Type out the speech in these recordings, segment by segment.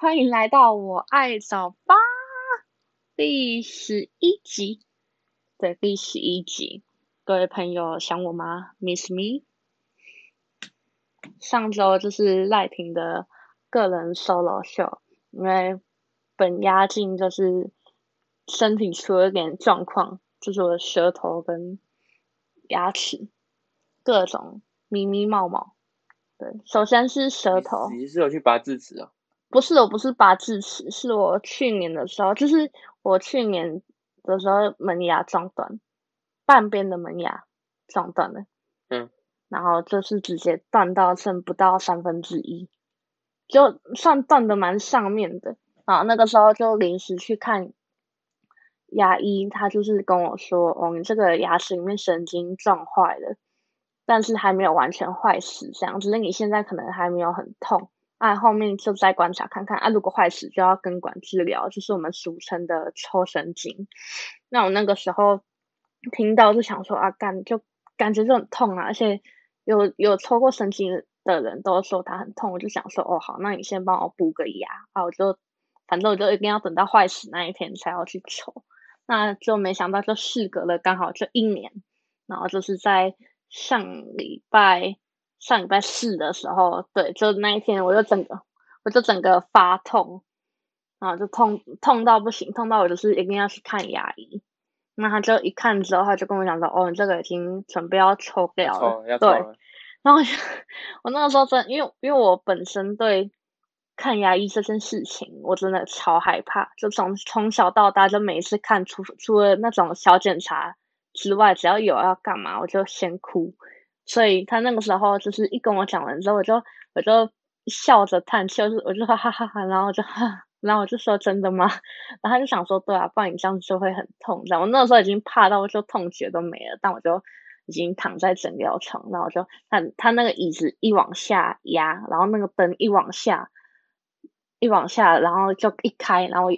歡迎來到我愛早八第十一集，對，第十一集，各位朋友想我嗎？Miss me？上周就是賴廷的個人 solo 秀，因為本鴨勁就是身體出了一點狀況，就是我的舌頭跟牙齒各種咪咪冒冒。對，首先是舌頭，你是有去拔智齒啊？不是，我不是拔智齒，是我去年的時候，就是我去年的時候，門牙撞斷，半邊的門牙撞斷了，嗯，然後就是直接斷到剩不到三分之一，3，就算斷的蠻上面的，啊，那個時候就臨時去看牙醫，他就是跟我說，哦，你這個牙齒裡面神經撞壞了，但是還沒有完全壞死，這樣子，那你現在可能還沒有很痛。啊，後面就再觀察看看啊，如果壞死就要根管治療，就是我們俗稱的抽神經。那我那個時候聽到就想說啊，感就感覺就很痛啊，而且有有抽過神經的人都說它很痛，我就想說哦好，那你先幫我補個牙啊，我就反正我就一定要等到壞死那一天才要去抽。那就沒想到就事隔了剛好就一年，然後就是在上禮拜。上禮拜四的時候，對，就那一天，我就整個，我就整個發痛啊，然後就痛痛到不行，痛到我就是一定要去看牙醫。那他就一看之後，他就跟我講說：“哦，你這個已經準備要抽掉了。”對。然後我就，我那個時候真，因為因為我本身對看牙醫這件事情我真的超害怕，就從從小到大，就每一次看除除了那種小檢查之外，只要有要幹嘛，我就先哭。所以他那個時候就是一跟我講完之後，我就我就笑着嘆氣，我就我就說哈哈哈，然後我就哈，然後我就說真的嗎？然後他就想說，對啊，不然你這樣子就會很痛。然後我那個時候已經怕到我就痛覺都沒了，但我就已經躺在診療床，那我就他他那個椅子一往下壓，然後那個燈一往下，一往下，然後就一開，然後。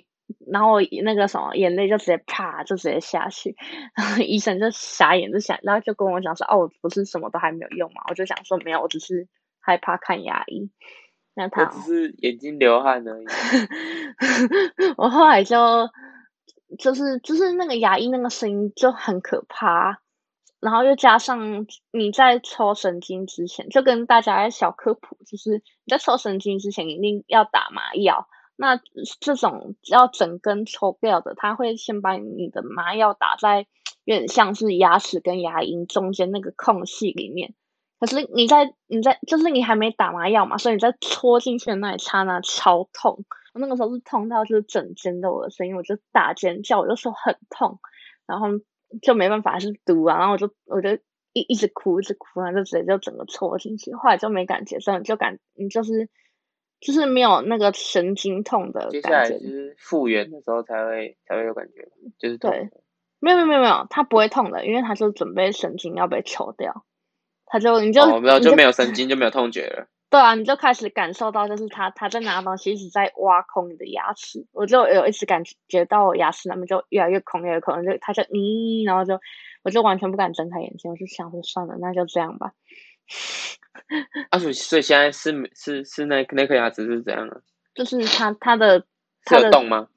然後那個什麼眼淚就直接啪就直接下去，然後醫生就傻眼就想然後就跟我講說，哦，我不是什麼都還沒有用嘛，我就想說沒有，我只是害怕看牙醫。那他只是眼睛流汗而已。 我後來就就是就是那個牙醫那個聲音就很可怕，然後又加上你在抽神經之前，就跟大家小科普，就是你在抽神經之前一定要打麻藥。那這種要整根抽掉的，它會先把你的麻藥打在，有點像是牙齒跟牙齦中間那個空隙裡面。可是你在你在就是你還沒打麻藥嘛，所以你在戳進去的那一剎那超痛。我那個時候是痛到就是整尖的我的聲音，我就打尖叫，我就說很痛，然後就沒辦法，是讀完、啊，然後我就我就一一直哭一直哭，然後就直接就整個戳進去，後來就沒感覺，就感你就是。就是沒有那個神經痛的感覺，接下來就是復原的時候才會才會有感覺。就是痛，對，沒有沒有沒有沒有，它不會痛的，因為它是準備神經要被抽掉，它就你就就沒有神經 就沒有痛覺了。對啊，你就開始感受到，就是他他在拿東西一直在挖空你的牙齒，我就有一次感覺到我牙齒那邊就越來越空，越來越空，然就他就，然後就，就，嗯然後就我就完全不敢睜開眼睛，我就想說算了，那就這樣吧。二十五歲， 啊、所以現在是是是那那顆牙齒是怎樣的？就是它它的，它的洞嗎？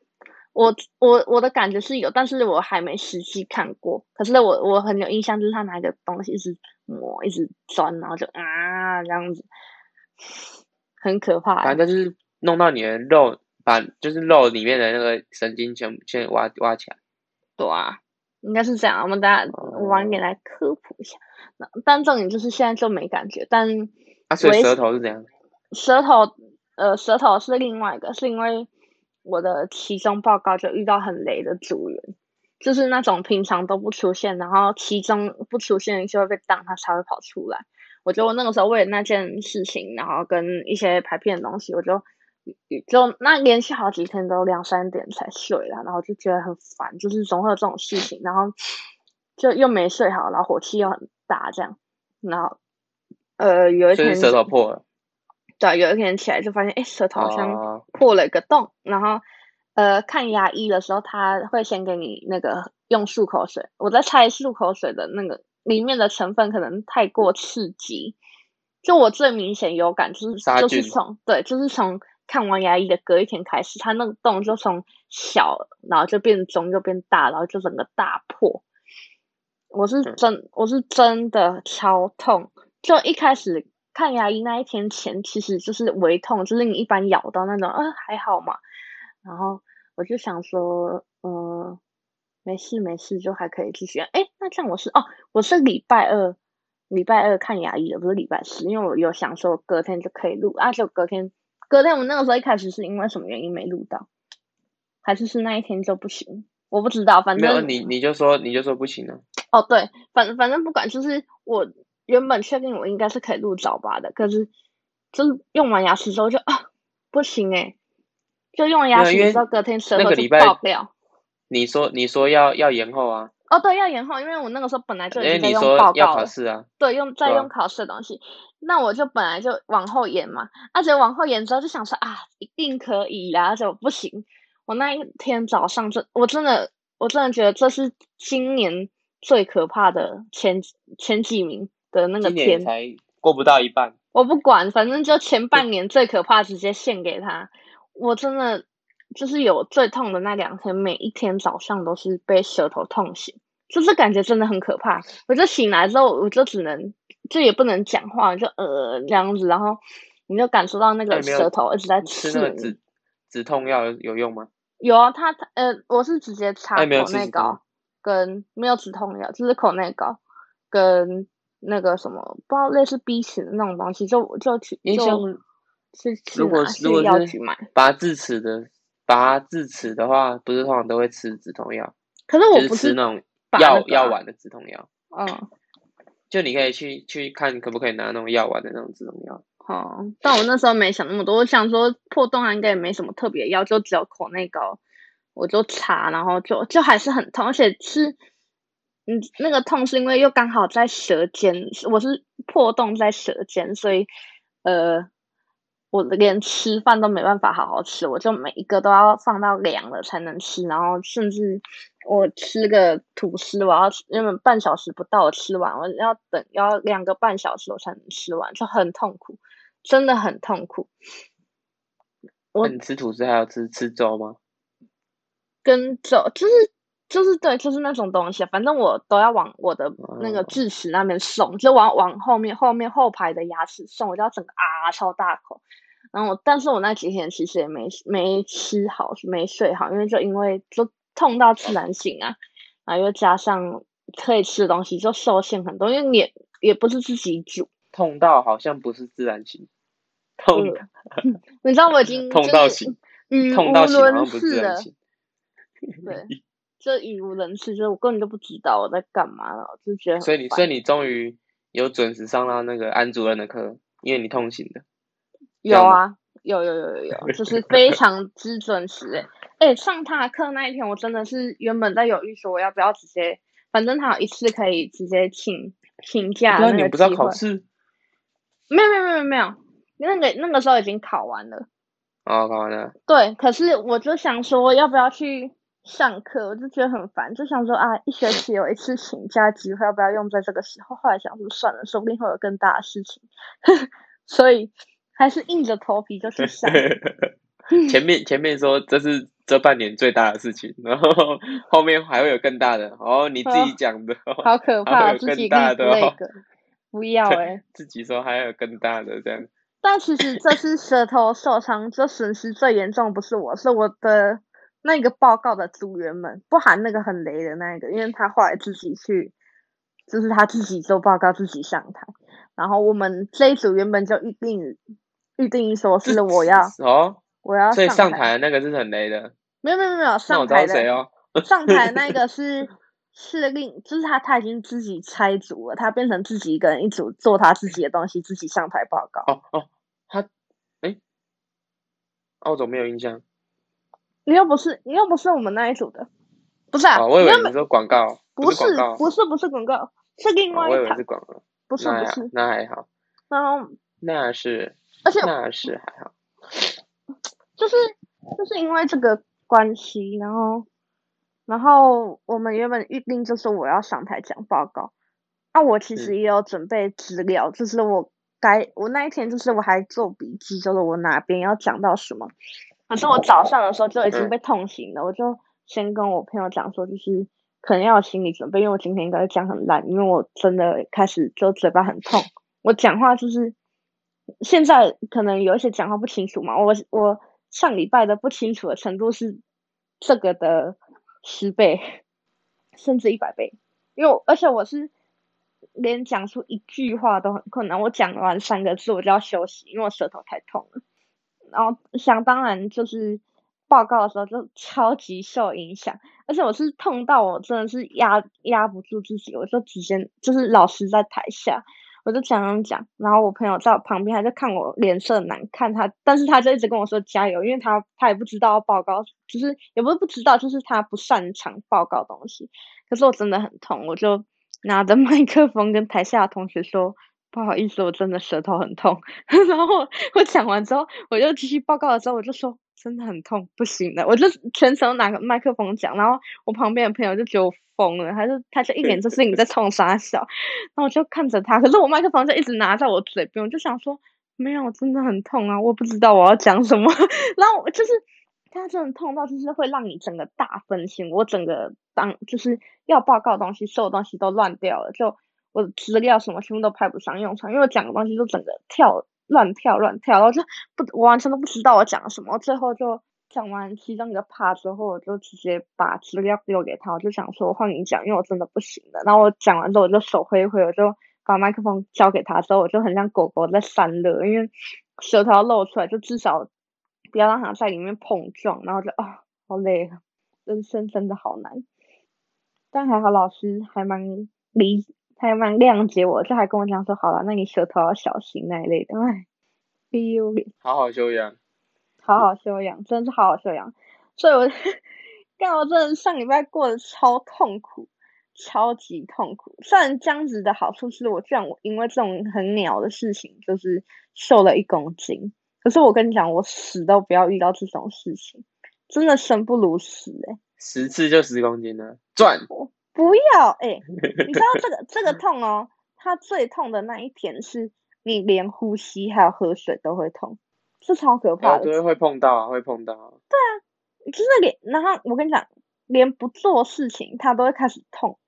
我我我的感覺是有，但是我還沒實際看過。可是我我很有印象，就是他拿一個東西一直磨，一直鑽，然後就啊這樣子，很可怕。反正就是弄到你的肉，把就是肉裡面的那個神經全部先挖挖起來。對啊。應該是這樣，我們大家晚一點來科普一下。嗯、但重點就是現在就沒感覺，但啊，所以舌頭是怎樣？舌頭呃，舌頭是另外一個，是因為我的期中報告就遇到很雷的組員，就是那種平常都不出現，然後期中不出現就會被當，他才會跑出來。我覺得我那個時候為了那件事情，然後跟一些拍片的東西，我就。就那連續好幾天都兩三點才睡啦，然後就覺得很煩，就是總會有這種事情，然後就又沒睡好，然後火氣又很大，這樣，然後呃有一天，所以舌頭破了。對，有一天起來就發現，哎、欸，舌頭好像破了一個洞。啊、然後呃，看牙醫的時候，他會先給你那個用漱口水。我在猜漱口水的那個裡面的成分可能太過刺激，就我最明顯有感就是就是從殺菌，對就是從。看完牙醫的隔一天開始，它那個洞就從小，然後就變中，又變大，然後就整個大破。我是真，我是真的超痛。就一開始看牙醫那一天前，其實就是微痛，就是你一般咬到那種，啊還好嘛。然後我就想說，嗯、呃，沒事沒事，就還可以繼續。誒、欸、那這樣我是哦，我是禮拜二，禮拜二看牙醫的，不是禮拜四，因為我有想說隔天就可以錄，啊就隔天。隔天我那個時候一開始是因為什麼原因沒錄到，還是是那一天就不行？我不知道，反正沒有你，你就說你就說不行了。哦，對，反正反正不管，就是我原本確定我應該是可以錄早八的，可是就是用完牙齒之後就啊不行誒，就用了牙齒之後隔天舌頭爆掉。你說你說要要延後啊？哦，對，要延後，因為我那個時候本來就已經在用報告了，因為你說要考試啊，對，用在用考試的東西。那我就本來就往後延嘛，而、啊、且往後延之後就想說啊，一定可以啦，而、啊、且我不行，我那一天早上這我真的，我真的覺得這是今年最可怕的前前幾名的那個天才過不到一半。我不管，反正就前半年最可怕，直接獻給他。對我真的就是有最痛的那兩天，每一天早上都是被舌頭痛醒，就是感覺真的很可怕。我就醒來之後，我就只能。這也不能講話，就呃這樣子，然後你就感受到那個舌頭一直、欸、在吃，那個止止痛藥有用嗎？有啊，它，呃，我是直接擦口內膏跟，欸、沒跟沒有止痛藥，就是口內膏跟那個什麼不知道類似 B 齒的那種東西，就就，就，就雄去用去吃。如果是我去買拔智齒的，拔智齒的話，不是通常都會吃止痛藥？可是我不是那、啊、吃那種藥藥丸的止痛藥。嗯。就你可以去去看，可不可以拿那種藥丸的那種止痛藥。好，但我那時候沒想那麼多，我想說破洞啊，應該也沒什麼特別的藥，就只有口內膏，我就擦，然後就就還是很痛，而且是嗯，那個痛是因為又剛好在舌尖，我是破洞在舌尖，所以呃。我連吃飯都沒辦法好好吃，我就每一個都要放到涼了才能吃，然後甚至我吃個吐司，我要，因為半小時不到我吃完，我要等，要兩個半小時我才能吃完，就很痛苦，真的很痛苦。嗯、我吃吐司還要吃吃粥嗎？跟粥就是就是對就是那種東西，反正我都要往我的那個智齒那邊送，哦、就往往後面後面後排的牙齒送，我就要整個啊超大口。然後我，但是我那幾天其實也沒沒吃好，沒睡好，因為就因為就痛到自然醒啊，然、啊、後又加上可以吃的東西就受限很多，因為你也，也不是自己煮，痛到好像不是自然醒，痛，嗯、 你知道我已經、就是、痛到醒，語無、嗯、自然醒、嗯，對，就語無倫次，就是我根本就不知道我在幹嘛了，就覺得，所以你，所以你終於有準時上到那個安主任的課，因為你痛醒的。有啊，有嗎有有有有， 就是非常之準時、欸。哎，上他課那一天，我真的是原本在猶豫說我要不要直接，反正他有一次可以直接請請假那不知道,你不知道考試。沒有沒有沒有沒有，那個那個時候已經考完了。哦，oh, 考完了。對，可是我就想說，要不要去上課？我就覺得很煩，就想說啊，一學期有一次請假機會，要不要用在這個時候？後來想說算了，說不定會有更大的事情， 所以。還是硬着頭皮就是上。 前面前面說，這是這半年最大的事情， 然後後面還會有更大的。哦，你自己講的，哦，有的好可怕，自己更大的，不，的不要哎，欸，自己說還要有更大的這樣。但其實這是舌頭受傷， 這損失最嚴重不是我，是我的那個報告的組員們，不含那個很雷的那一個，因為他後來自己去，就是他自己做報告，自己上台。然後我們這一組原本就預定。預定一所是我要哦，我要。所以上台那個是很雷的。沒有沒有沒有上台的誰哦？上台那個是是另，就是他他已經自己拆組了，他變成自己一個人一組做他自己的東西，自己上台報告。哦哦，他哎，澳洲沒有印象。你又不是你又不是我們那一組的，不是啊？我以為你說廣告，不是不是不是廣告，是另外一個。我以為是廣告，不是不是那還好。然後那是。而且那是還好，就是就是因為這個關係，然後，然後我們原本預定就是我要上台講報告，啊，我其實也有準備資料，嗯、就是我該我那一天就是我還做筆記，就是我哪邊要講到什麼，可、啊、是我早上的時候就已經被痛醒了，嗯、我就先跟我朋友講說，就是可能要有心理準備，因為我今天應該講很爛，因為我真的開始就嘴巴很痛，我講話就是。現在可能有一些講話不清楚嘛，我我上禮拜的不清楚的程度是這個的十倍，甚至一百倍。因為我而且我是連講出一句話都很困難，我講完三個字我就要休息，因為我舌頭太痛了。然後想當然就是報告的時候就超級受影響，而且我是痛到我真的是壓壓不住自己，我就直接就是老實在台下。我就這樣講，然後我朋友在我旁邊，還在看我臉色很難看他，他但是他就一直跟我說加油，因為他他也不知道要報告，就是也不是不知道，就是他不擅長報告東西。可是我真的很痛，我就拿着麥克風跟台下的同學說：“不好意思，我真的舌頭很痛。 ”然後我講完之後，我就繼續報告的時候，我就說。.真的很痛，不行的，我就全程拿個麥克風講，然後我旁邊的朋友就覺得我瘋了，還是他就一臉就是你在痛啥小，然後我就看着他，可是我麥克風就一直拿在我嘴邊，我就想說沒有，真的很痛啊，我不知道我要講什麼，然後就是，他真的痛到就是會讓你整個大分心，我整個當就是要報告的東西，所有東西都亂掉了，就我的資料什麼全部都派不上用場，因為我講的東西都整個跳。亂跳亂跳，然後就不，我完全都不知道我講了什麼。最後就講完其中一個 part 之後，我就直接把資料丟給他，我就想說換你講，因為我真的不行的。然後我講完之後，我就手揮一揮，我就把麥克風交給他之後，我就很像狗狗在散熱，因為舌頭要露出來，就至少不要讓它在裡面碰撞。然後就啊、哦，好累，人生真的好難。但還好老師還蠻理還蠻諒解我，就還跟我講說，好了，那你舌頭要小心那一類的，哎，哎呦，好好休養，好好休養，真的是好好休養。所以我，幹，我真的上禮拜過得超痛苦，超級痛苦。雖然這樣子的好處是我，我這樣，我因為這種很鳥的事情，就是瘦了一公斤。可是我跟你講，我死都不要遇到這種事情，真的生不如死哎、欸。十次就十公斤呢？賺。哦不要哎！你知道這個 這個痛哦，它最痛的那一天是，你連呼吸還有喝水都會痛，是超可怕的。哦、對，會碰到，會碰到。對啊，就是連，然後我跟你講，連不做事情他都會開始痛，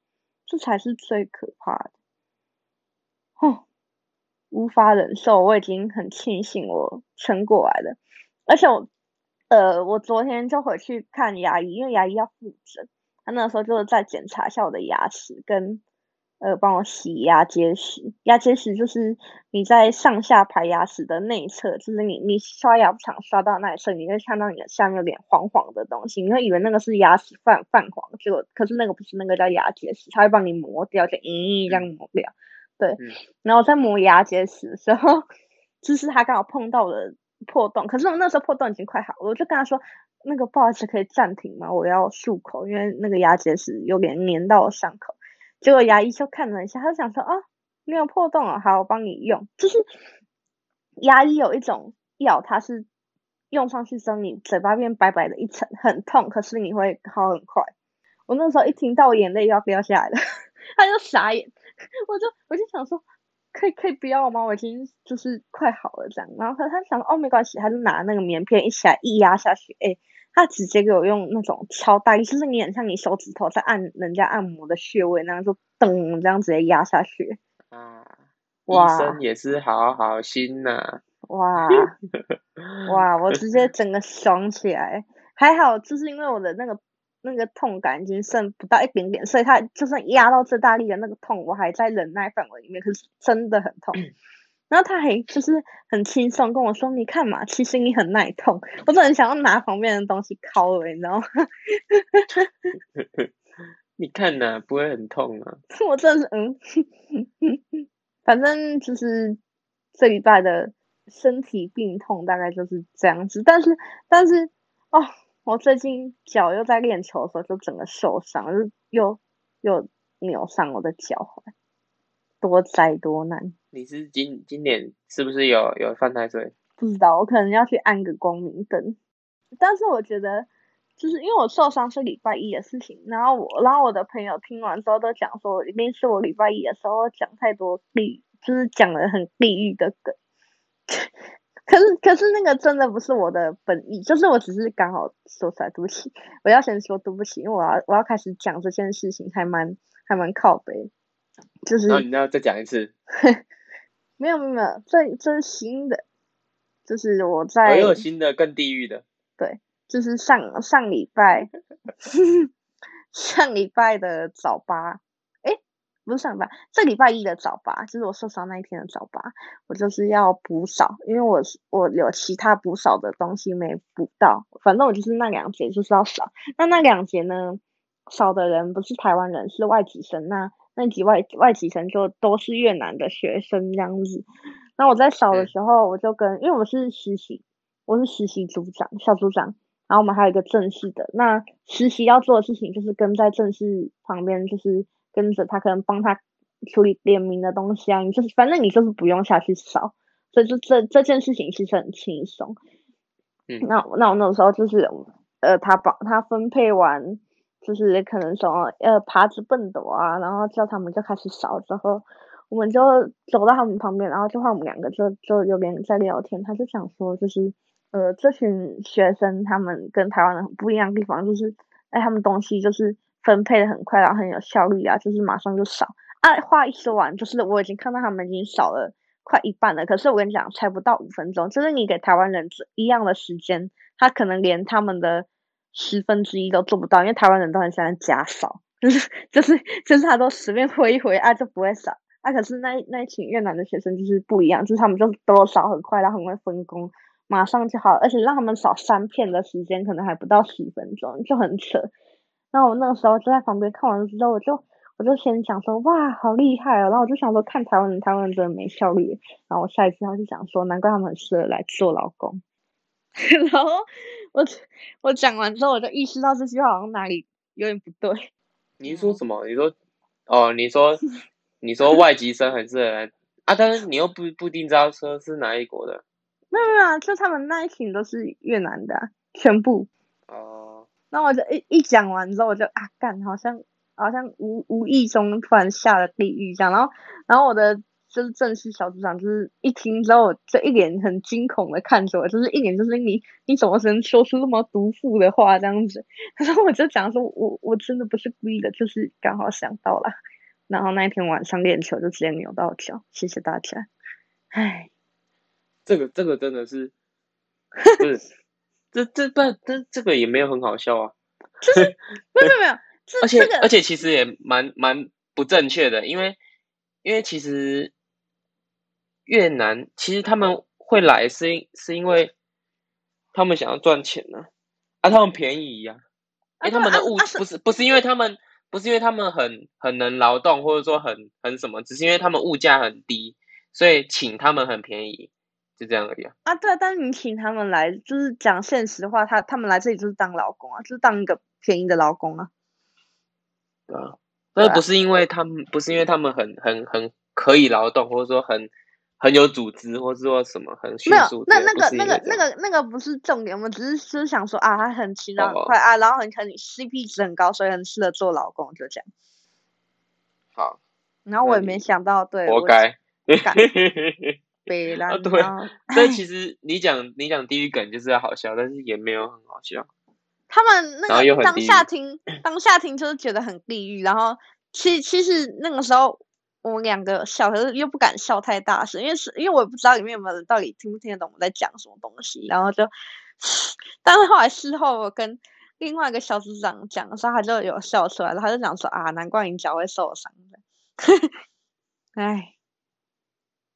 這才是最可怕的。哦，無法忍受，我已經很慶幸我撐過來了。而且我，呃，我昨天就回去看牙醫，因為牙醫要複診。他那個時候就是在檢查一下我的牙齒，跟，呃，幫我洗牙結石。牙結石就是你在上下排牙齒的內側，就是你你刷牙不常刷到那一側，你會看到你的下面有點黃黃的東西，你會以為那個是牙齒泛泛黃，結果可是那個不是，那個叫牙結石，他會幫你磨掉，就一這樣磨掉。對，嗯、然後我在磨牙結石的時候，就是他剛好碰到的破洞，可是我那時候破洞已經快好了，我就跟他說。那個不好意思，可以暫停嗎？我要漱口，因為那個牙結石有點黏到我傷口。結果牙醫就看了一下，他就想說啊，沒有破洞啊，好，我幫你用。就是牙醫有一種藥，它是用上去之後，你嘴巴變白白的一層，很痛，可是你會好很快。我那時候一聽到，眼淚要飆下來了，他就傻眼。我就我就想說，可以可以不要嗎？我已經就是快好了這樣。然後他他想說哦沒關係，他就拿那個棉片一起來一壓下去，誒、欸他直接給我用那種超大力，就是你很像你手指頭在按人家按摩的穴位那樣就，就噔這樣直接壓下去。啊！醫哇生也是好好心吶、啊！哇 哇，我直接整個爽起來。還好，就是因為我的那個那個痛感已經剩不到一點點，所以他就算壓到最大力的那個痛，我還在忍耐範圍裡面。可是真的很痛。 然後他還就是很輕鬆跟我說：“你看嘛，其實你很耐痛。”我都很想要拿旁邊的東西敲了，你知道嗎？ 你看吶、啊，不會很痛啊。我真的是、嗯、 反正就是這禮拜的身體病痛大概就是這樣子。但是，但是哦，我最近腳又在練球的時候就整個受傷，就是又又扭傷我的腳踝，多災多難。你是今今年是不是有有犯太歲？不知道，我可能要去按個光明燈。但是我覺得，就是因為我受傷是禮拜一的事情，然後我然後我的朋友聽完之後都講說，一定是我禮拜一的時候講太多利，就是講了很地獄的梗。 可是可是那個真的不是我的本意，就是我只是剛好說出來對不起，我要先說對不起，因為我要我要開始講這件事情還蠻還蠻靠北，就是那、哦、你要再講一次。 沒有沒有，這這是新的，就是我在。還、哦、有新的更地獄的。對，就是上上禮拜， 上禮拜的早八，誒不是上禮拜，這禮拜一的早八，就是我受傷那一天的早八，我就是要補少，因為我我有其他補少的東西沒補到，反正我就是那兩節就是要少。那那兩節呢，少的人不是台灣人，是外籍生那、啊。那幾外外籍生就都是越南的學生這樣子。那我在掃的時候，我就跟，嗯、因為我是實習，我是實習組長、小組長，然後我們還有一個正式的。那實習要做的事情就是跟在正式旁邊，就是跟着他，可能幫他處理聯名的東西啊，就是反正你就是不用下去掃，所以就這這這件事情其實很輕鬆。嗯，那那我那時候就是，呃，他把他分配完。就是也可能說，呃、耙子、畚斗啊，然後叫他們就開始掃，之後我們就走到他們旁邊，然後就換我們兩個就就有點在聊天。他就想說，就是呃，這群學生他們跟台灣人不一樣的地方，就是哎，他們東西就是分配的很快，然後很有效率啊，就是馬上就掃啊。話一說完，就是我已經看到他們已經掃了快一半了。可是我跟你講，才不到五分鐘，就是你給台灣人一樣的時間，他可能連他們的。十分之一都做不到，因為台灣人都很喜歡假掃，就是就是就是他都隨便揮一揮啊，就不會掃啊。可是那那一群越南的學生就是不一樣，就是他們就都掃很快，然後很快分工，馬上就好。而且讓他們掃三片的時間可能還不到十分鐘，就很扯。然後我那個時候就在旁邊看完了之後，我就我就先想說哇好厲害啊，哦，然後我就想說看台灣人，台灣人真的沒效率。然後我下一次他就想說難怪他們很適合來做勞工。 然後我我講完之後，我就意識到這句話好像哪裡有點不對。你說什麼？你說哦？你說 你說外籍生還是啊？但是你又不不一定知道說是哪一國的。沒有沒有，沒有啊，就他們那一群都是越南的，全部。哦。那我就一一講完之後，我就啊幹，好像好像無無意中突然下了地獄一樣。然後然後我的。就是正式小組長，就是一聽之後，就一臉很驚恐的看着我，就是一臉就是你，你怎麼能說出那麼毒婦的話這樣子？可是我就講說我，我我真的不是故意的，就是剛好想到了。然後那一天晚上練球就直接扭到腳，謝謝大家。唉，這個這個真的是，不是 這這不這這個也沒有很好笑啊、就是。沒有沒有，而且、這個、而且其實也蠻蠻不正確的，因為因為其實。越南其實他們會來是因是因為他們想要賺錢呢、啊，啊，他們便宜呀、啊，哎、欸，欸、他們的物、啊啊、不是、啊、不是因為他們不是因為他們很很能勞動或者說很很什麼，只是因為他們物價很低，所以請他們很便宜，就這樣而已啊。啊，對啊，但是你請他們來就是講現實的話，他他們來這裡就是當勞工啊，就是當一個便宜的勞工啊，對啊，那不是因為他們不是因為他們很很很可以勞動或者說很。很有組織，或是說什麼很迅速，那那個那個那個那個不是重點，我們只是是想說啊，他很勤勞很快啊，然後很可能 CP 值很高，所以很適合做老公，就這樣。好。然後我也沒想到，對，活該。別讓對，所以其實你講你講地獄梗就是要好笑，但是也沒有很好笑。他們那個當下聽當下聽就是覺得很地獄，然後其其實那個時候。我們兩個笑，可是又不敢笑太大聲，因為是因為我也不知道裡面有沒有人到底聽不聽得懂我在講什麼東西。然後就，但是後來事後我跟另外一個小組長講的時候，他就有笑出來了，他就講說：“啊，難怪你腳會受傷的。” 唉，哎，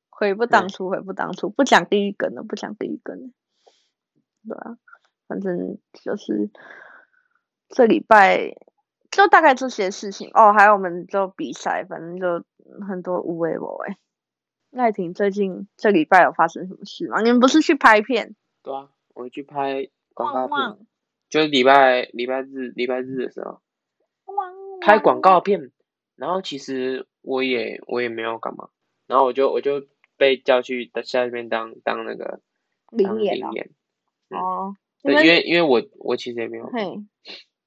悔不當初，悔不當初、嗯，不講第一根了，不講第一根，對吧、啊？反正就是這禮拜就大概這些事情哦，還有我們就比賽，反正就。很多 UVO 無哎無，欸，賴廷最近這禮拜有發生什麼事嗎？你們不是去拍片？對啊，我去拍廣告片，旺旺就是禮拜禮拜日禮拜日的時候旺旺拍廣告片，然後其實我也我也沒有幹嘛，然後我就我就被叫去在那邊當當那個臨演哦，演了，嗯、因為因為我我其實也沒有嘿，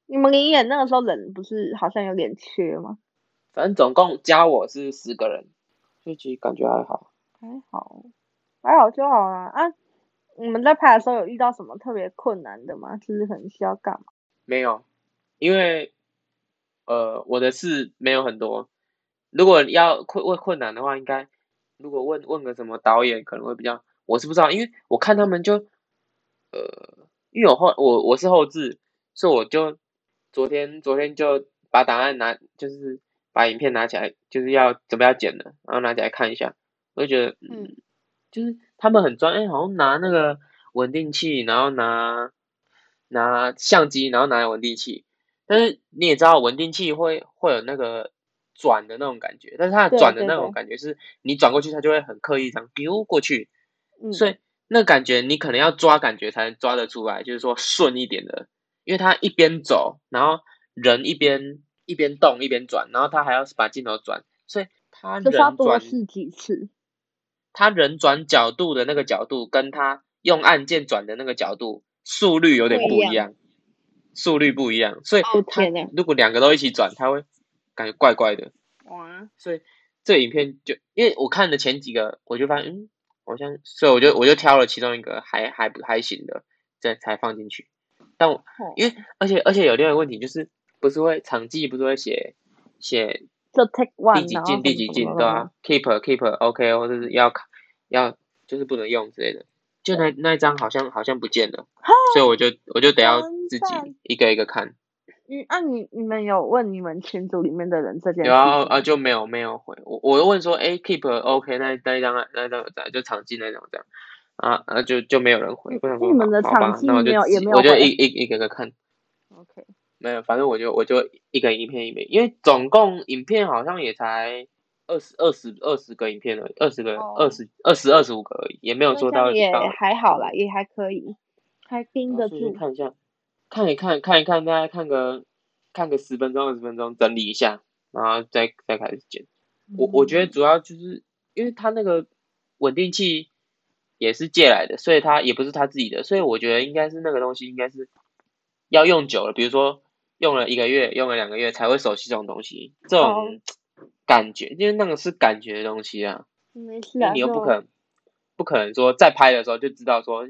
你們臨演那個時候人不是好像有點缺嗎？反正總共加我是十個人，這期感覺還好，還好，還好就好啊。啊！你們在拍的時候有遇到什麼特別困難的嗎？就是很需要幹嘛？沒有，因為呃，我的事沒有很多。如果要困問困難的話，應，應該如果問，問個什麼導演可能會比較，我是不知道，因為我看他們就呃，因為我後我我是後製，所以我就昨天昨天就把檔案拿就是。把影片拿起來，就是要怎麼樣剪的，然後拿起來看一下，我就覺得，嗯，嗯，就是他們很專業、欸，好像拿那個穩定器，然後拿拿相機，然後拿穩定器。但是你也知道，穩定器會會有那個轉的那種感覺，但是它轉的那種感覺是你轉過去，它就會很刻意這樣丟、呃、過去，所以那感覺你可能要抓感覺才能抓得出來，就是說順一點的，因為它一邊走，然後人一邊。一邊動一邊轉，然後他還要把鏡頭轉，所以他人轉的是幾次，他人轉角度的那個角度跟他用按鍵轉的那個角度速率有點不一樣，一樣速率不一樣，所以、哦，如果兩個都一起轉，他會感覺怪怪的。哇！所以這個、影片就因為我看的前幾個，我就發現，嗯，我好像所以我就我就挑了其中一個還還不還行的，這樣才放進去。但我因為嘿而且而且有另外一個問題就是。不是會場記不是會寫寫就 take one，第幾進第幾進對啊，keep keep OK，或者是要卡要就是不能用之類的，就那那一張好像好像不見了，所以我就我就得要自己一個一個看。嗯，啊你你們有問你們群組裡面的人這件事有啊就沒有沒有回我，我問說哎 keep OK 那那一張那那張就場記那張這樣啊啊就就沒有人回，你們的場記沒有也沒有，我就一一一個一個看。OK。沒有，反正我就我就一個影片一枚，因為總共影片好像也才二十二十二十個影片而已，二十個二十二十二十五個而已，也沒有做到，到。也還好啦，也還可以，還盯得住。去看一下，看一看，看一看，大概看個看個十分鐘二十分鐘，整理一下，然後再再開始剪。嗯。我我覺得主要就是因為他那個穩定器也是借來的，所以他也不是他自己的，所以我覺得應該是那個東西應該是要用久了，比如說。用了一個月，用了兩個月才會熟悉這種東西，這種感覺，因為那個是感覺的東西啊。沒事啊，你又不可能不可能說在拍的時候就知道說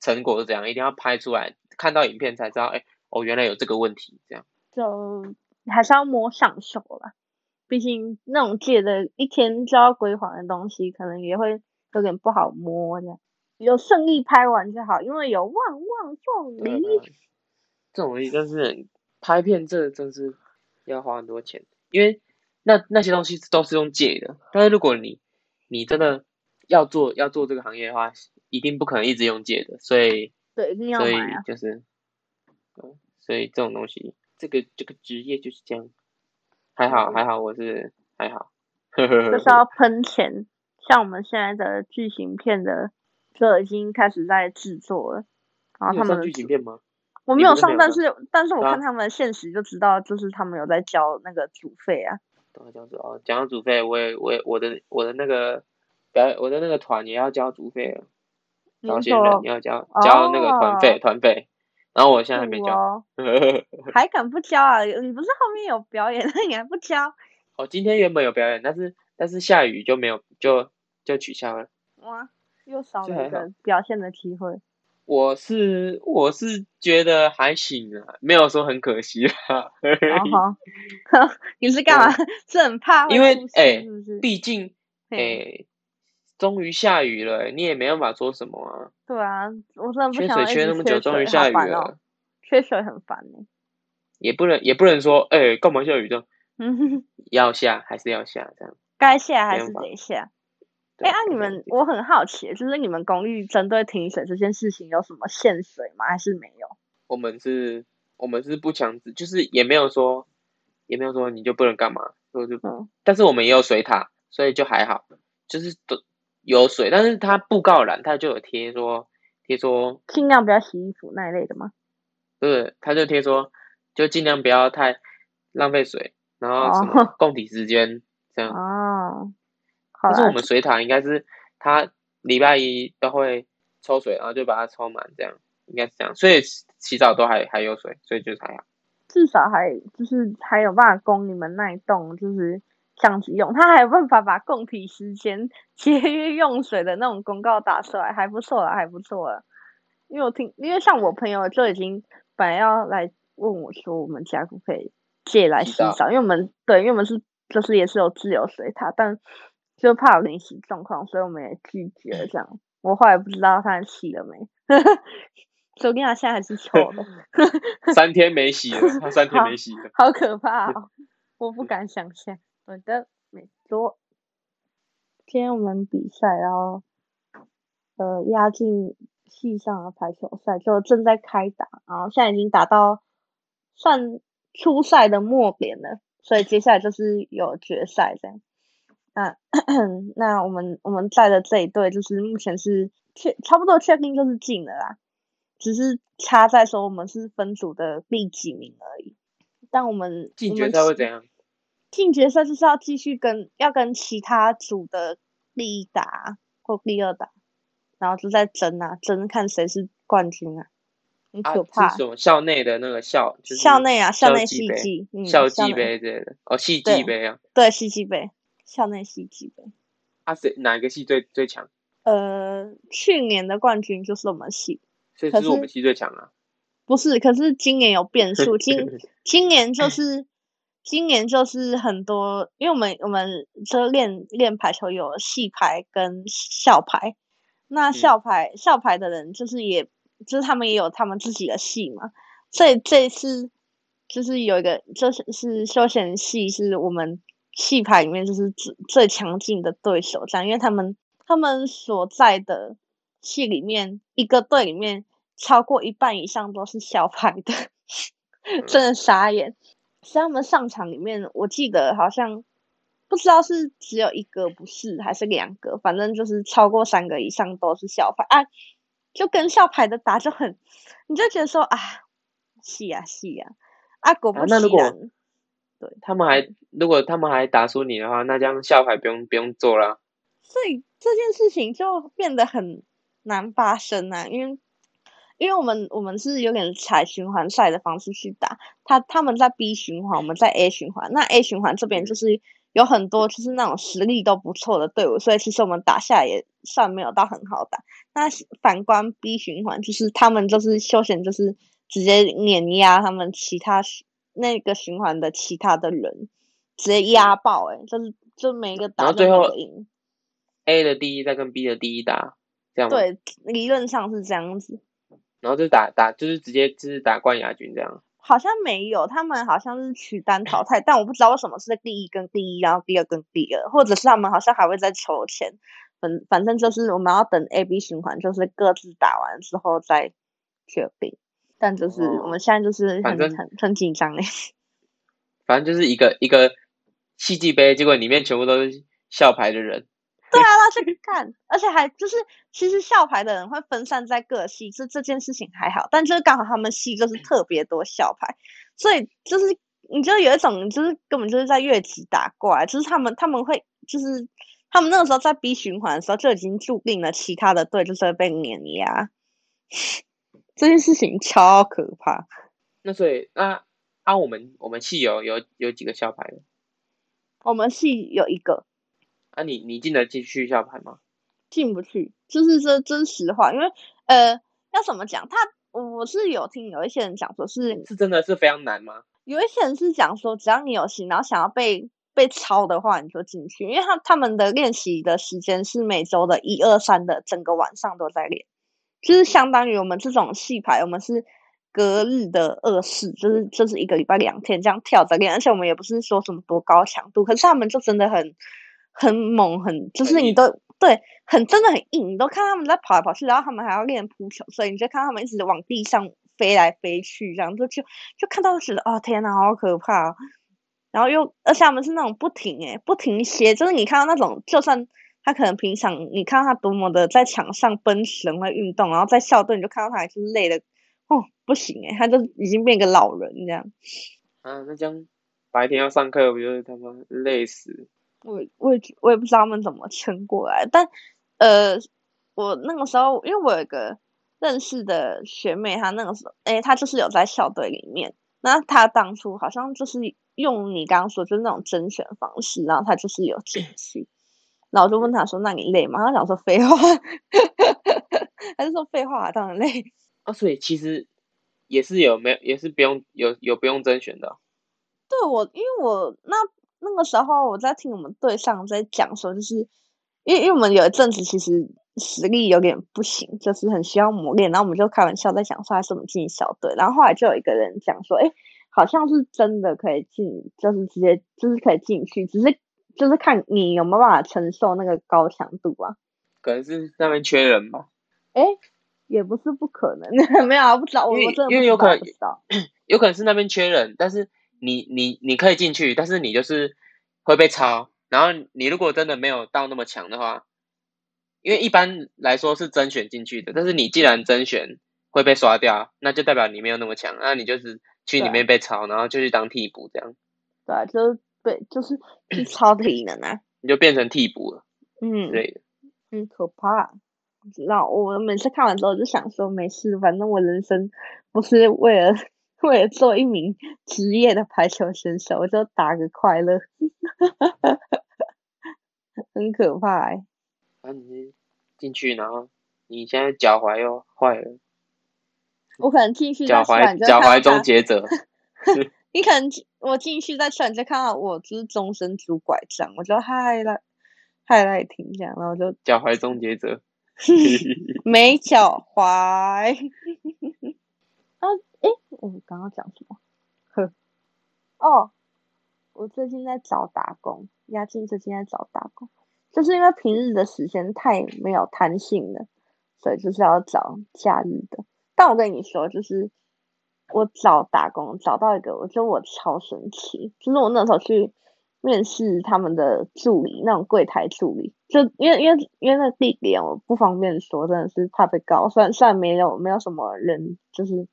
成果是怎樣，一定要拍出來看到影片才知道，哎，哦，原來有這個問題，這樣。就還是要摸上手了，畢竟那種借的一天就要歸還的東西，可能也會有點不好摸的，這樣有順利拍完就好，因為有旺旺順利。這種東西就是。拍片這真，真是要花很多錢，因為那那些東西都是用借的。但是如果你你真的要做要做這個行業的話，一定不可能一直用借的，所以對，一定要買啊，所以就是，嗯，所以這種東西，這個這個職業就是這樣。還好還好，還好，我是還好。呵呵。就是要噴錢，像我們現在的劇情片的，這已經開始在制作了。然後他們有上劇情片嗎？我沒有上，但是但是我看他們現實就知道，就是他們有在交那個組費啊。等會這樣子哦，講到組費，我也我也我的我的那個表，我的那個團也要交組費了。年輕懂人，你要交交那個團費團費，然後我現在還沒交。還敢不交啊？你不是後面有表演那你還不交？哦，今天原本有表演，但是但是下雨就沒有就就取消了。哇，又少了一個表現的機會。我是我是覺得還行啊，沒有說很可惜啊、哦。好，你是幹嘛？對 是很怕？因為哎，畢、欸、竟哎，終、欸、於下雨了、欸，你也沒辦法說什麼啊。對啊，我說缺水缺那麼久，終於下雨了。缺水很煩呢、喔欸。也不能也不能說哎，幹、欸、嘛下雨就嗯， 要下還是要下這樣？該下還是得下。哎呀對、欸啊，你們，我很好奇，就是你們公寓針對停水這件事情有什麼限水嗎？還是沒有？我們是，我們是不強制，就是也沒有說，也沒有說你就不能幹嘛，就是。嗯、但是我們也有水塔，所以就還好，就是都有水，但是他布告欄他就有貼說，貼說儘量不要洗衣服那一類的嗎？對，它他就貼說，就儘量不要太浪費水，然後什麼、哦、共體時艱這樣啊。哦但是我們水塔應該是，他禮拜一都會抽水，然後就把它抽滿，這樣應該是這樣，所以洗澡都還還有水，所以就是要至少還就是還有辦法供你們那一棟就是這樣子用，他還有辦法把供體時間節約用水的那種公告打出來，還不錯了，還不錯了。因為我聽，因為像我朋友就已經本來要來問我說，我們家不可以借來洗澡，道因為我們對，因為我們是就是也是有自由水塔，但。就怕有臨時狀況，所以我們也拒絕這樣。我後來不知道他還洗了沒，呵呵，昨天他現在還是臭的。 三天沒洗了，他三天沒洗了，好，好可怕哦！ 我不敢想象。我的美，今天我們比賽，然後呃，壓進系上的排球賽，就正在開打，然後現在已經打到算初賽的末點了，所以接下來就是有決賽這樣。那、啊、那我們我們在的這一隊就是目前是確差不多確定就是進了啦，只是差在說我們是分組的第幾名而已。但我們進決賽會怎樣？進決賽就是要繼續跟要跟其他組的第一打或第二打，然後就在爭啊，爭看誰是冠軍啊，很可怕啊。啊，是我們校內的那個校、就是、校內啊，校內戲劇校際杯之類的哦，戲劇杯啊，對戲劇杯。校內戲幾？的，啊，誰？哪個系最最強？呃，去年的冠軍就是我們系，所以是我們系最強啊。不是，可是今年有變數。今今年就是 今年就是很多，因為我們我們這練練排球有系排跟校排，那校排、嗯、校排的人就是也就是他們也有他們自己的系嘛，所以這一次就是有一個就是是休閒系是我們。系排裡面就是最最強勁的對手戰，這因為他們他們所在的系裡面一個隊裡面超過一半以上都是校排的呵呵，真的傻眼。像他們上場裡面，我記得好像不知道是只有一個，不是還是兩個，反正就是超過三個以上都是校排。哎、啊，就跟校排的打就很，你就覺得說，啊，是呀、啊、是呀、啊，啊，果不其然、啊。啊他們還如果他們還打輸你的話，那這樣下牌不用不用做了。所以這件事情就變得很難發生啊，因為因為我們我們是有點採循環賽的方式去打他，他們在 B 循環，我們在 A 循環。那 A 循環這邊就是有很多就是那種實力都不錯的隊伍，所以其實我們打下也算沒有到很好打。那反觀 B 循環，就是他們就是休閒，就是直接碾壓他們其他。那個循環的其他的人直接壓爆哎、欸，嗯、就是就每一個打一個贏，然後最後 A 的第一再跟 B 的第一打，這樣，對，理論上是這樣子。然後就打打就是直接就是打冠亞軍這樣。好像沒有，他們好像是取單淘汰， 但我不知道為什麼是第一跟第一，然後第二跟第二，或者是他們好像還會再抽籤。反反正就是我們要等 A、B 循環，就是各自打完之後再確定。但就是、嗯、我們現在就是，反正很很緊張嘞。反正就是一個一個戲劇杯，結果裡面全部都是校牌的人。對啊，他是看， 而且還就是，其實校牌的人會分散在各系，這這件事情還好。但就是剛好他們系就是特別多校牌，所以就是你就有一種就是根本就是在越級打怪，就是他們他們會就是他們那個時候在 B 循環的時候就已經注定了，其他的隊就是會被碾壓。這件事情超可怕。那所以，那啊，啊，我們我們系有有有幾個校牌的？我們系有一個。啊你，你你進得進去校牌嗎？進不去，就是說真實話，因為呃，要怎麼講？他我是有聽有一些人講說是，是是真的是非常難嗎？有一些人是講說，只要你有心，然後想要被被抄的話，你就進去，因為他他們的練習的時間是每週的一二三的整個晚上都在練。就是相當於我們這種戲排，我們是隔日的二四，就是這、就是一個禮拜兩天這樣跳着練，而且我們也不是說什麼多高強度，可是他們就真的很很猛，很就是你都對很真的很硬，你都看他們在跑來跑去，然後他們還要練撲球，所以你就看他們一直往地上飛來飛去，這樣就就就看到就覺得哦天哪，好可怕啊，然後又而且他們是那種不停誒，不停歇，就是你看到那種就算。他可能平常你看他多麼的在場上奔馳或運動，然後在校隊你就看到他還是累的，哦，不行誒，他就已經變個老人這樣。啊，那這樣白天要上課不就是他媽累死？我我也我也不知道他們怎麼撐過來，但呃，我那個時候因為我有個認識的學妹，她那個時候誒，她、欸、就是有在校隊裡面，那她當初好像就是用你剛剛說的就是那種甄選方式，然後她就是有進去。 然後我就問他說：“那你累嗎？”他想說：“廢話。呵呵”他就說：“廢話當然累。”啊，所以其實也是有沒有，也是不用有有不用甄選的、啊。對，我因為我那那個時候我在聽我們隊上在講說，就是因為因為我們有一陣子其實實力有點不行，就是很需要磨練，然後我們就開玩笑在講說還是我們進小隊。然後後來就有一個人講說：“哎，好像是真的可以進，就是直接就是可以進去，只是。”就是看你有沒有辦法承受那個高強度啊？可能是那邊缺人吧。哎、欸，也不是不可能， 沒有我不知道，因為我因為有可能，有可能是那邊缺人，但是你你你可以進去，但是你就是會被操。然後你如果真的沒有到那麼強的話，因為一般來說是甄選進去的，但是你既然甄選會被刷掉，那就代表你沒有那麼強，那你就是去裡面被操，對然後就去當替補這樣。對，就是。對，就是超體能啊，你就變成替補了，嗯，對，很可怕。那我每次看完之後就想說，沒事，反正我人生不是為了為了做一名職業的排球選手，我就打個快樂，很可怕。啊，你進去，然後你現在腳踝又壞了，我可能進去腳踝腳踝終結者。你可能我進去在突然間看到我就是終身拄拐杖，我就嗨了，嗨了也聽這樣，然後就腳踝終結者， 沒腳腳踝。 啊，誒、欸、我剛剛講什麼？呵，哦，我最近在找打工，鴨勁最近在找打工，就是因為平日的時間太沒有彈性了，所以就是要找假日的。但我跟你說，就是。我找打工找到一個，我覺得我超神奇，就是我那時候去面試他們的助理，那種櫃檯助理，就因為因為因為那個地點我不方便說，真的是怕被告。雖然雖然沒有沒有什麼人，就是因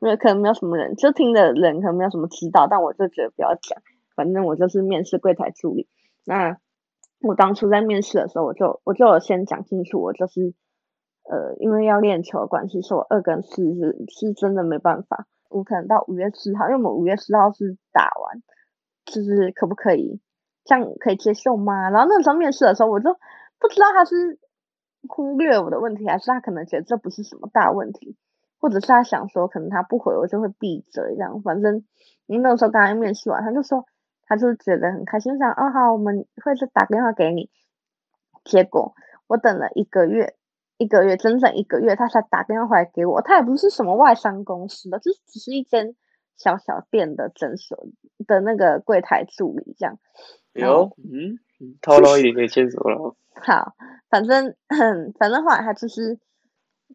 為可能沒有什麼人，就聽的人可能沒有什麼知道，但我就覺得不要講。反正我就是面試櫃檯助理。那我當初在面試的時候我，我就我就有先講清楚，我就是呃，因為要練球的關係，是我二跟四是是真的沒辦法。我可能到五月十號，因為我們五月十號是打完，就是可不可以，這樣可以接受嗎？然後那時候面試的時候，我就不知道他是忽略我的問題，還是他可能覺得這不是什麼大問題，或者是他想說可能他不回我就會閉嘴這樣。反正你那時候剛剛面試完，他就說他就覺得很開心，我想二號、哦、我們會打電話給你。結果我等了一個月。一個月整整一個月，他才打電話回來給我。他也不是什麼外商公司的，就是只是一間小小店的診所的那個櫃檯助理這樣。有呦，後嗯，透露一點可以牽手了，就是。好，反正反正後來他就是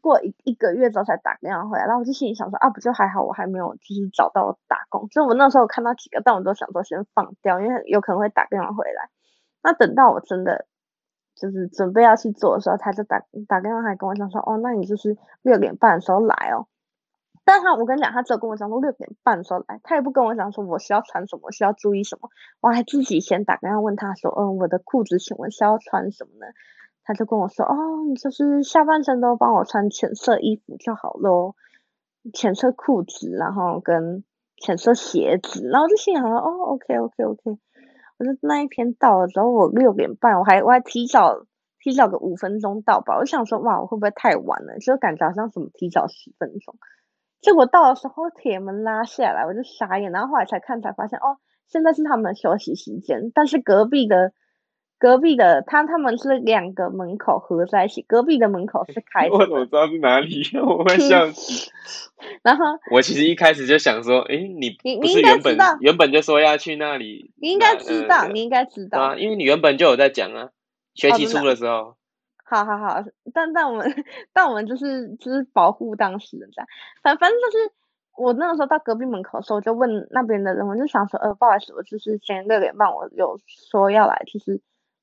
過一一個月之後才打電話回來，然後我就心裡想說啊，不就還好，我還沒有就是找到打工。所以我那時候看到幾個，但我都想說先放掉，因為有可能會打電話回來。那等到我真的。就是準備要去做的時候，他就打打電話還跟我講說，哦，那你就是六點半的時候來哦。但是他我跟你講，他只有跟我講說六點半的時候來，他也不跟我講說我需要穿什麼，需要注意什麼。我還自己先打電話問他說，嗯，我的褲子請問需要穿什麼呢？他就跟我說，哦，你就是下半身都幫我穿淺色衣服就好嘍，哦，淺色褲子，然後跟淺色鞋子，然後就心想說。哦，OK，OK，OK。OK, OK, OK。可是那一天到了之後，我六點半，我還我還提早提早個五分鐘到吧。我想說，哇，我會不會太晚了？就感覺好像什麼提早十分鐘，結果到的時候鐵門拉下來，我就傻眼。然後後來才看才發現，哦，現在是他們的休息時間，但是隔壁的。隔壁的他，他們是兩個門口合在一起。隔壁的門口是開的。我怎麼知道是哪裡？我會笑。 然後我其實一開始就想說，誒，你你不是原本原本就說要去那裡？你應該知道，你應該知道啊，因為你原本就有在講啊。學期初的時候。哦、好好好，但但我們但我們就是就是保護當事人這樣。反反正就是我那個時候到隔壁門口的時候，我就問那邊的人，我就想說，呃，不好意思，我就是先，六點半我有說要來，就是。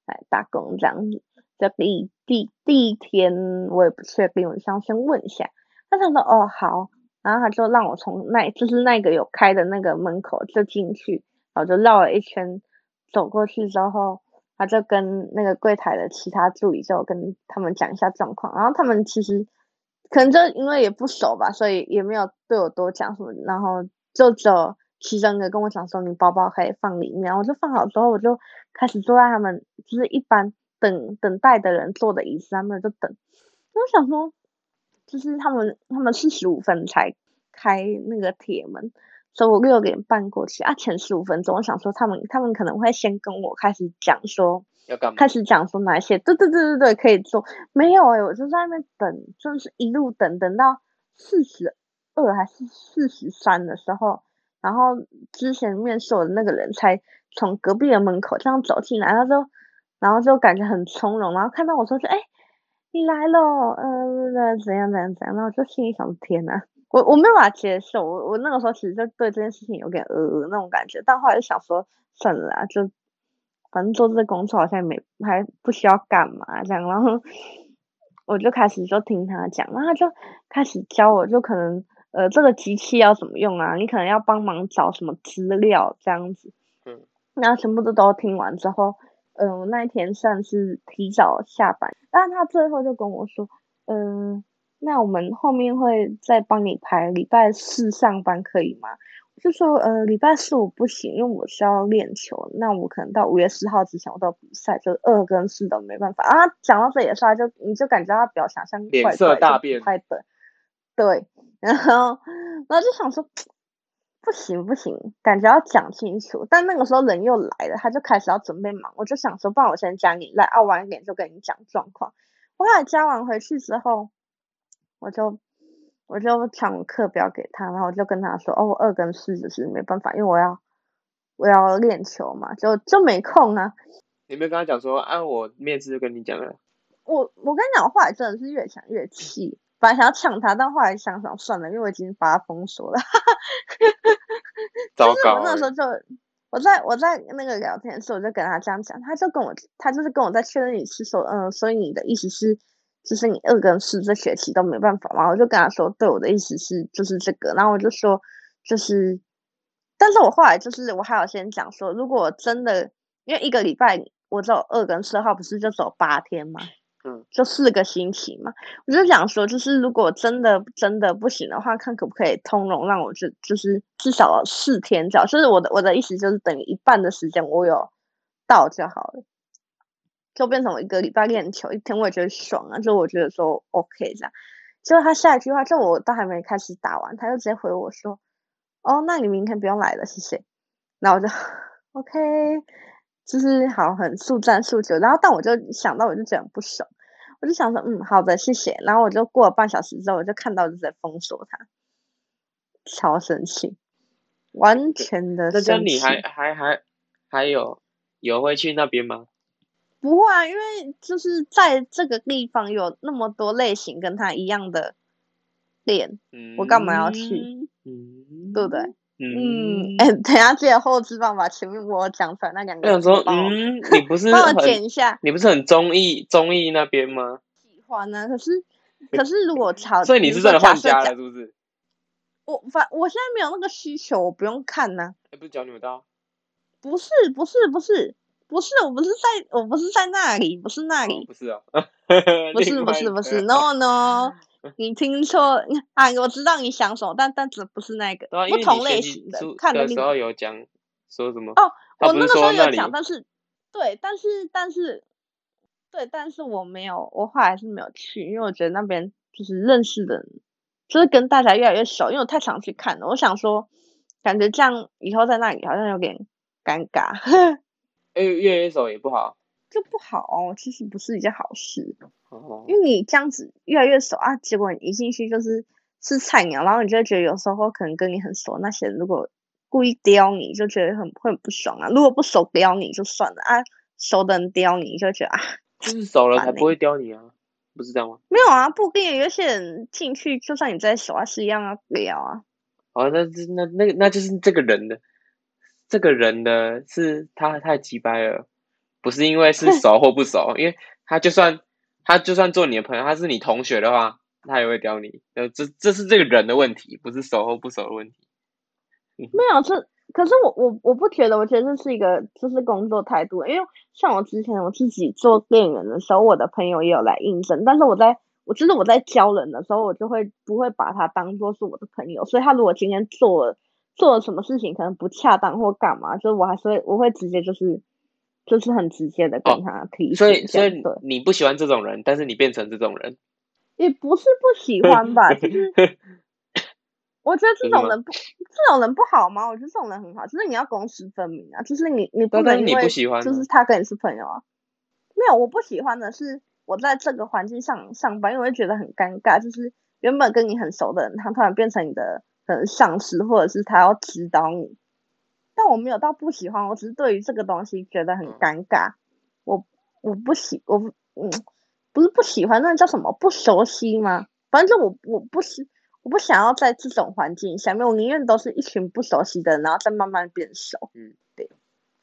來打工這樣子，這第第第一天我也不確定，我想先問一下。那他說哦好，然後他就讓我從那就是那個有開的那個門口就進去，然後就繞了一圈走過去之後，他就跟那個櫃台的其他助理就跟他們講一下狀況，然後他們其實可能就因為也不熟吧，所以也沒有對我多講什麼，然後就走。其中一個跟我講說：“你包包可以放裡面。”我就放好之後，我就開始坐在他們就是一般等等待的人坐的椅子上面就等。我想說，就是他們他們四十五分才開那個鐵門，所以我六點半過去啊，前十五分鐘我想說他們他們可能會先跟我開始講說要幹嘛，開始講說哪些對對對對對可以坐。沒有誒、欸、我就在那邊等，就是一路等等到四十二還是四十三的時候。然後之前面試我的那個人才從隔壁的門口這樣走進來，他就，然後就感覺很從容，然後看到我說，誒你來了，那、呃、怎樣怎樣怎樣，然後就心裡想，天哪，我我沒有辦法接受，我我那個時候其實就對這件事情有點呃那種感覺，但後來就想說算了，就反正做這個工作好像也沒還不需要幹嘛這樣，然後我就開始就聽他講，然後他就開始教我，就可能。呃，這個機器要怎麼用啊？你可能要幫忙找什麼資料這樣子。嗯，那全部都都聽完之後，嗯、呃，我那一天算是提早下班。但是他最後就跟我說，嗯、呃，那我們後面會再幫你排，禮拜四上班可以嗎？就說，呃，禮拜四我不行，因為我是要練球。那我可能到五月四號之前，我都要比賽，就二跟四都沒辦法啊。講到這裡的就你就感覺到表想像壞壞臉色大變，的，對。然後，然後就想說，不行不行，感覺要講清楚。但那個時候人又來了，他就開始要準備忙。我就想說，不然我先加你，來哦，晚一點就跟你講狀況。後來加完回去之後，我就我就搶課表給他，然後我就跟他說，哦，我二跟四就是沒辦法，因為我要我要練球嘛，就就沒空啊。你沒有跟他講說，按我面試就跟你講了。我我跟你講話真的是越講越氣。本來想要搶他，但後來想想算了，因為我已經把他封鎖了。糟糕！就是我那時候就，欸、我在我在那個聊天的時候，我就跟他這樣講，他就跟我，他就是跟我在確認一次，說，嗯，所以你的意思是，就是你二跟四這學期都沒辦法嘛。然後我就跟他說，對，我的意思是就是這個。然後我就說，就是，但是我後來就是我還有先講說，如果真的，因為一個禮拜我走二跟四號不是就走八天嘛。就四個星期嘛，我就想說，就是如果真的真的不行的話，看可不可以通融，讓我就就是至少四天這樣，就是我的我的意思就是等於一半的時間我有到就好了，就變成我一個禮拜練球一天，我也覺得爽啊，就我覺得說 OK 這樣，結果他下一句話，就我都還沒開始打完，他就直接回我說，哦、oh，那你明天不用來了，謝謝。那我就 OK，就是好很速戰速決，然後但我就想到我就這樣不爽我就想說，嗯，好的，謝謝。然後我就過了半小時之後，我就看到就在封鎖他，超神奇，完全的。這個你還還還還有有會去那邊嗎？不會啊，因為就是在這個地方有那麼多類型跟他一樣的店，我幹嘛要去？嗯，對不對？嗯，哎、嗯欸，等下記得後置放吧，前面我講出來那兩個、啊。我想說，嗯，你不是幫 我剪一下？你不是很綜藝綜藝那邊嗎？喜歡呢、啊、可是可是如果炒，所以你是真的換家了是不是？我反，我現在沒有那個需求，我不用看吶、啊欸。不是教你們的。不是不是不是不是，我不是在我不是在那裡，不是那裡。哦、不是哦， 不是不是不是,不是 ，no no。嗯你聽說啊？我知道你想什麼，但但這不是那個你你不同類型的。看的時候有講說什麼？哦，那我那個時候有講，但是對，但是但是對，但是我沒有，我後來是沒有去，因為我覺得那邊就是認識的人就是跟大家越來越熟，因為我太常去看了。我想說，感覺這樣以後在那裡好像有點尷尬， 越越越熟也不好。就不好哦，其實不是一件好事。哦、因為你這樣子越來越熟啊，結果你一進去就是是菜鳥，然後你就覺得有時候可能跟你很熟那些人如果故意刁你就覺得很會很不爽啊，如果不熟刁你就算了啊，熟的人刁你你就覺得啊，就是熟了才刁你不會刁你啊，不是這樣嗎？沒有啊，不跟有些人進去就算你在熟啊是一樣啊，刁啊。啊、哦，那那那那就是這個人的，這個人的是他太雞掰了。不是因為是熟或不熟， 因為他就算他就算做你的朋友，他是你同學的話，他也會刁你。就這這是這個人的問題，不是熟或不熟的問題。 沒有，這可是我我我不覺得，我覺得這是一個就是工作態度。因為像我之前我自己做店員的時候，我的朋友也有來應徵，但是我在我就是我在教人的時候，我就會不會把他當做是我的朋友。所以他如果今天做了做了什麼事情，可能不恰當或幹嘛，就是我還是會我會直接就是。就是很直接的跟他提。哦，所以所以你不喜歡這種人，但是你變成這種人，也不是不喜歡吧？ 其實我覺得這種人不， 這種人不好嗎？我覺得這種人很好，就是你要公私分明啊。就是你你不能因為你不喜歡。就是他跟你是朋友啊，啊，沒有，我不喜歡的是我在這個環境上上班，因為我覺得很尷尬。就是原本跟你很熟的人，他突然變成你的可能上司，或者是他要指導你。但我沒有到不喜歡，我只是對於這個東西覺得很尷尬。我我不喜，我嗯，不是不喜歡，那叫什麼？不熟悉嗎？反正我我不喜，我不想要在這種環境下面，我寧願都是一群不熟悉的人，然後再慢慢變熟。嗯，對，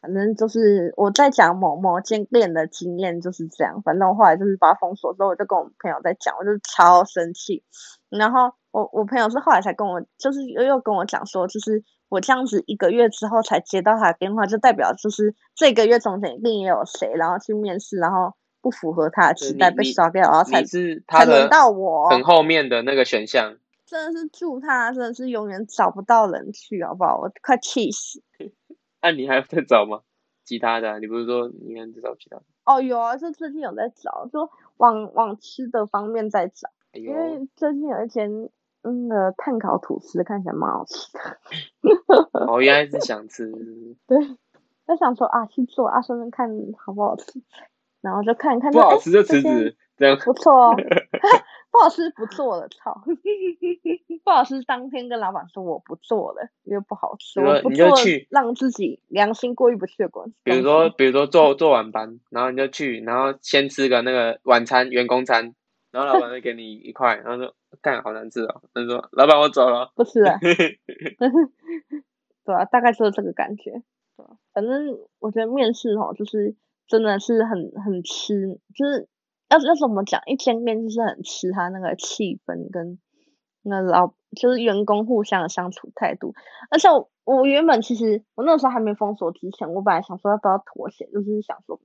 反正就是我在講某某間店的經驗就是這樣。反正我後來就是把他封鎖之後，我就跟我朋友在講，我就超生氣。然後我我朋友是後來才跟我，就是又又跟我講說，就是。我這樣子一個月之後，才接到他的電話，就代表就是這個月中間，一定也有誰，然後去面試，然後不符合他的期待被刷掉，然後才才輪到我，很後面的那個選項。真的是祝他真的是永遠找不到人去，好不好？我快氣死了。那、啊、你還要再找嗎？其他的、啊？你不是說你還在找其他的？哦，有啊，就最近有在找，就往往吃的方面在找，哎、呦因為最近有一天。嗯，那個炭烤吐司看起來蠻好吃的。我原來是想吃，對，就想說啊去做啊，順便看好不好吃，然後就看看不好吃就辭職，這樣不錯哦。不好吃不做了，操！不好吃當天跟老板說我不做了，因為不好吃。我不做，你就去讓自己良心過意不去的關係。比如說，比如說做做晚班，然後你就去，然後先吃個那個晚餐員工餐，然後老板會給你一塊，然後就。幹好難吃哦、喔！他說：“老板，我走了，不吃是了。 ”對啊，大概就是這個感覺。反正我覺得面試吼，就是真的是很很吃，就是要要怎麼講？一見面就是很吃他那個氣氛跟那老就是員工互相的相處態度。而且我,我原本其實我那時候還沒封鎖之前，我本來想說要不要妥協，就是想說，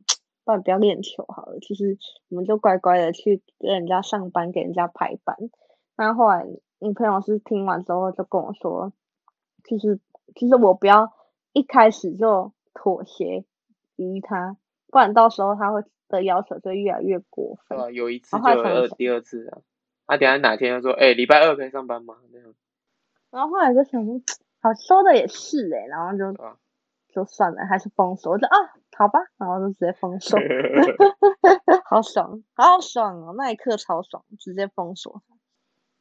到底不要練球好了，其實我們就乖乖的去跟人家上班，給人家排班。然後後來，女朋友是聽完之後就跟我說：“其實，其實我不要一開始就妥協，依他，不然到時候他會的要求就越來越過分。啊”有一次就有，就第二次啊！啊，等一下哪天他說：“誒、欸、禮拜二可以上班嗎？”沒有。然後後來就想：“好說的也是哎、欸。”然後就、啊、就算了，還是封鎖。我說：“啊，好吧。”然後就直接封鎖。 好爽，好爽哦！那一刻超爽，直接封鎖。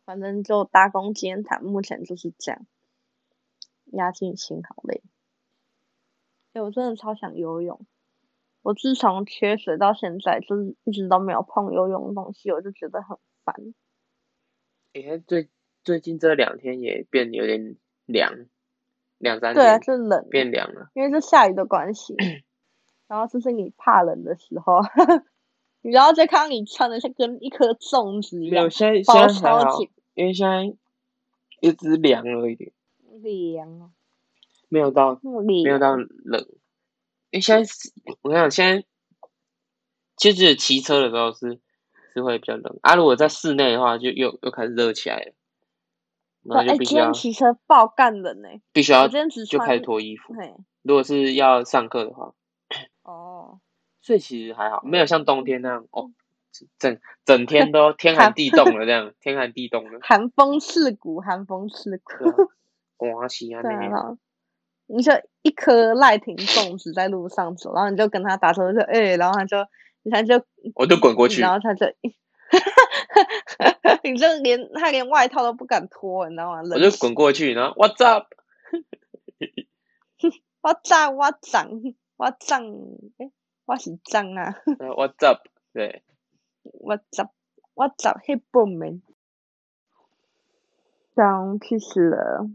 反正就打工兼差，目前就是這樣，壓根心好累。誒、欸，我真的超想游泳。我自從缺水到現在，就是一直都沒有碰游泳的東西，我就覺得很煩。你看、欸，最最近這兩天也變有點涼，兩三天對、啊，就冷變涼了，因為是下雨的關係。 然後就是你怕冷的時候，然後再看你穿的像跟一顆粽子一樣，有包包起來。因為現在一直涼了一點，涼了，沒有到沒有到冷。因為現在我跟你講，現在其實騎車的時候是是會比較冷啊。如果在室內的話，就又又開始熱起來了。哎，今天騎車爆幹了呢，必須要，要就開始脫衣服。如果是要上課的話，哦，所以其實還好，沒有像冬天那樣哦。整整天都天寒地凍了，這樣韓天寒地凍了。寒風刺骨，寒風刺骨。廣西那邊，你就一顆賴廷粽子在路上走， 然後你就跟他打招呼就哎，然後他就，他就，我就滾過去，然後他就，你就連他連外套都不敢脫，你知道嗎？我就滾過去，然後 What's up？What's up？What's up？What's up？哎，我緊張啊。What's up？對。我十我十黑半麵，漲去死了。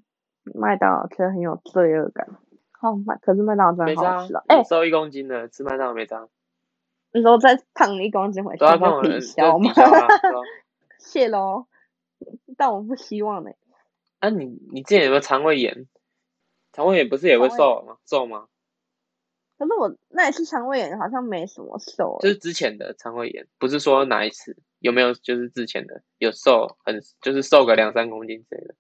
麥當勞真的很有罪惡感。好麥，可是麥當勞真的好吃了。張欸、瘦一公斤了，吃麥當勞沒漲。你說再胖一公斤回去，要我就取消嗎？哈哈、啊。謝嘍、啊， 但我不希望呢、欸。哎、啊，你你之前有沒有腸胃炎？腸胃炎不是也會瘦嗎？瘦、哦欸、嗎？可是我那一次腸胃炎好像沒什麼瘦，就是之前的腸胃炎，不是說哪一次有沒有，就是之前的有瘦很，就是瘦個兩三公斤之類的。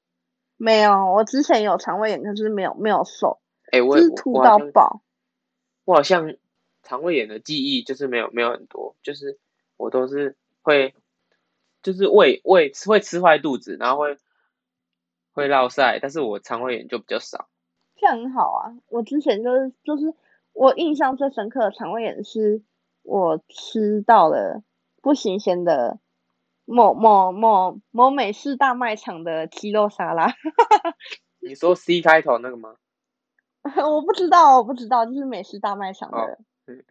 沒有，我之前有腸胃炎，可是沒有沒有瘦，哎、欸，我是吐到爆。我好像腸胃炎的記憶就是沒有沒有很多，就是我都是會就是胃胃會吃壞肚子，然後會會落賽，但是我腸胃炎就比較少，這很好啊。我之前就是就是。我印象最深刻的腸胃炎是，我吃到了不新鮮的某某某某美式大賣場的雞肉沙拉。 你說 C 開頭那個嗎？ 我不知道，我不知道，就是美式大賣場的。哦、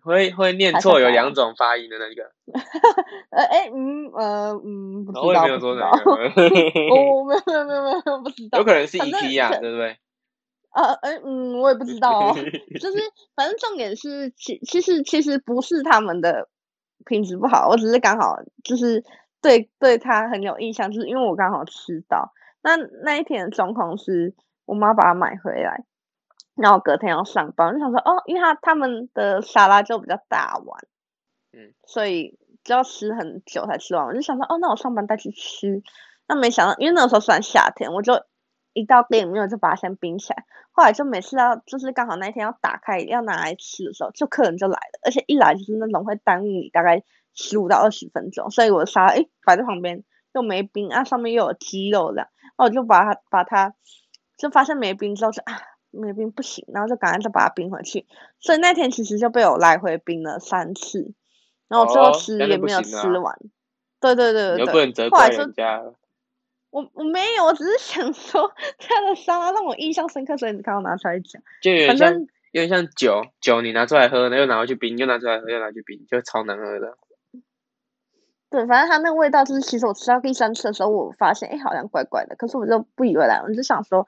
會會念錯有兩種發音的那個。呃哎嗯呃嗯，然後我沒有說那個 我，我沒有我沒有我沒有我不知道。有可能是 IKEA 啊，對不對？呃，哎、啊，欸，嗯，我也不知道哦。就是反正重點是其其實其實不是他們的品質不好，我只是剛好就是對對他很有印象，就是因為我剛好吃到那那一天的狀況是我媽把它買回來，然後隔天要上班，我就想說哦，因為他他們的沙拉就比較大碗，嗯，所以就要吃很久才吃完，我就想說哦，那我上班帶去吃，那沒想到因為那個時候算夏天，我就。一到店沒有就把它先冰起來，後來就每次要就是剛好那天要打開要拿來吃的時候，就客人就來了，而且一來就是那種會耽誤你大概十五到二十分鐘，所以我、欸、就說哎，擺在旁邊又沒冰，那、啊、上面又有雞肉的，然後我就把它把它就發現沒冰之後就啊，沒冰不行，然後就趕快就把它冰回去，所以那天其實就被我來回冰了三次，然後最後吃也沒有吃完，哦啊、對對對對對，你又不能責怪人家，後來就。家。我我沒有，我只是想說它的沙拉讓我印象深刻，所以你剛剛拿出來講。就有反正有點像酒酒，你拿出來喝，然後又拿回去冰，又拿出來喝，又拿去冰，就超難喝的。對，反正它那個味道，就是其實我吃到第三次的時候，我發現哎、欸，好像怪怪的，可是我就不以為然，我就想說。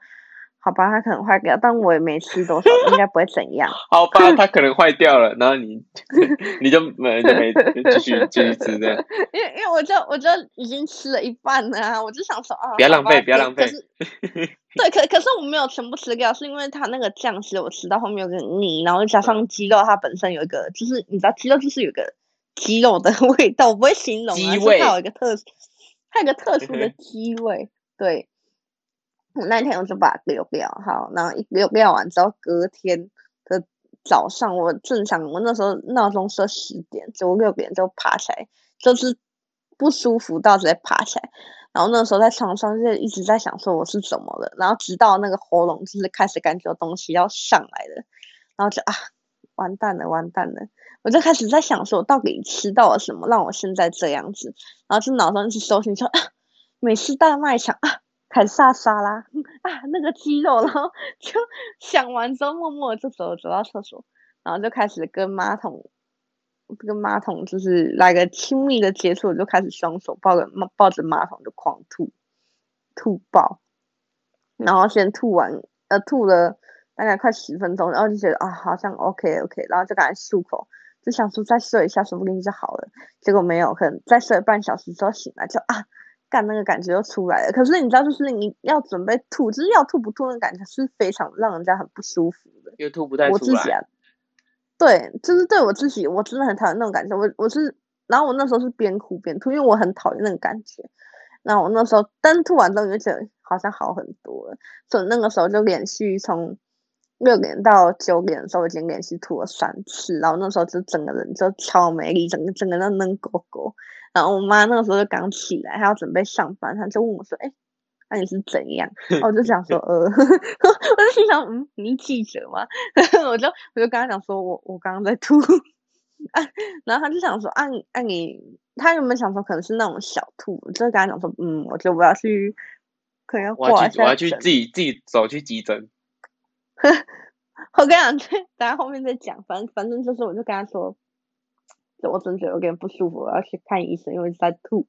好吧，它可能壞掉，但我也沒吃多少， 應該不會怎樣。好吧，它可能壞掉了， 然後你你就，你就沒你就沒繼續繼續吃的。因為因為我就我就已經吃了一半了啊，我就想說啊，不要浪費，吧不要，不要浪費。對，可可是我沒有全部吃掉，是因為它那個醬汁我吃到後面有點膩，然後加上雞肉它本身有一個，就是你知道雞肉就是有個雞肉的味道，我不會形容啊味，它有一個特，它有個特殊的雞味， 對。那天我就把它丟掉，好，然後一丟掉完之後，隔天的早上，我正想，我那時候鬧鐘設十點，就六點就爬起來，就是不舒服到直接爬起來，然後那時候在床上就一直在想說我是怎麼了，然後直到那個喉嚨就是開始感覺東西要上來了，然後就啊，完蛋了，完蛋了，我就開始在想說，我到底吃到了什麼讓我現在這樣子，然後就腦中一直搜尋說，啊，美食大賣場。啊。凱撒沙拉啊，那個雞肉，然後就想完之後，默默就走走到廁所，然後就開始跟馬桶，跟馬桶就是來個親密的接觸，就開始雙手抱着抱抱着馬桶就狂吐，吐爆，然後先吐完，呃，吐了大概快十分鐘，然後就覺得啊，好像 OK OK，然後就趕緊漱口，就想說再睡一下，說不定就好了，結果沒有，可能再睡半小時之後醒來就啊。但那個感覺又出來了，可是你知道，就是你要準備吐，就是要吐不吐那感覺是非常讓人家很不舒服的。因為吐不太出來，我自己啊，對，就是對我自己，我真的很討厭那種感覺。我我是，然後我那時候是邊哭邊吐，因為我很討厭那種感覺。那我那時候，但吐完之後，我覺得好像好很多了，所以那個時候就連續從。六點到九點的時候，我已經連續吐了三次，然後那個時候就整個人就超沒力，整個整個人冷狗狗。然後我媽那個時候就剛起來，她要準備上班，她就問我說：“哎、欸，那、啊、你是怎樣？”然後我就想說：“呃， 我就心想，嗯，你記者嗎？” 我就我就跟她講說：“我我剛剛在吐。 ”啊，然後她就想說：“啊，啊你，她有沒有想說可能是那種小吐？”我就跟她講說：“嗯，我就我要去，可能掛一下。”我要去，我要去自己自己走去急診。 我跟你講，大家後面再講，反正反正就是，我就跟他說，我真覺得有點不舒服，我要去看醫生，因為在吐。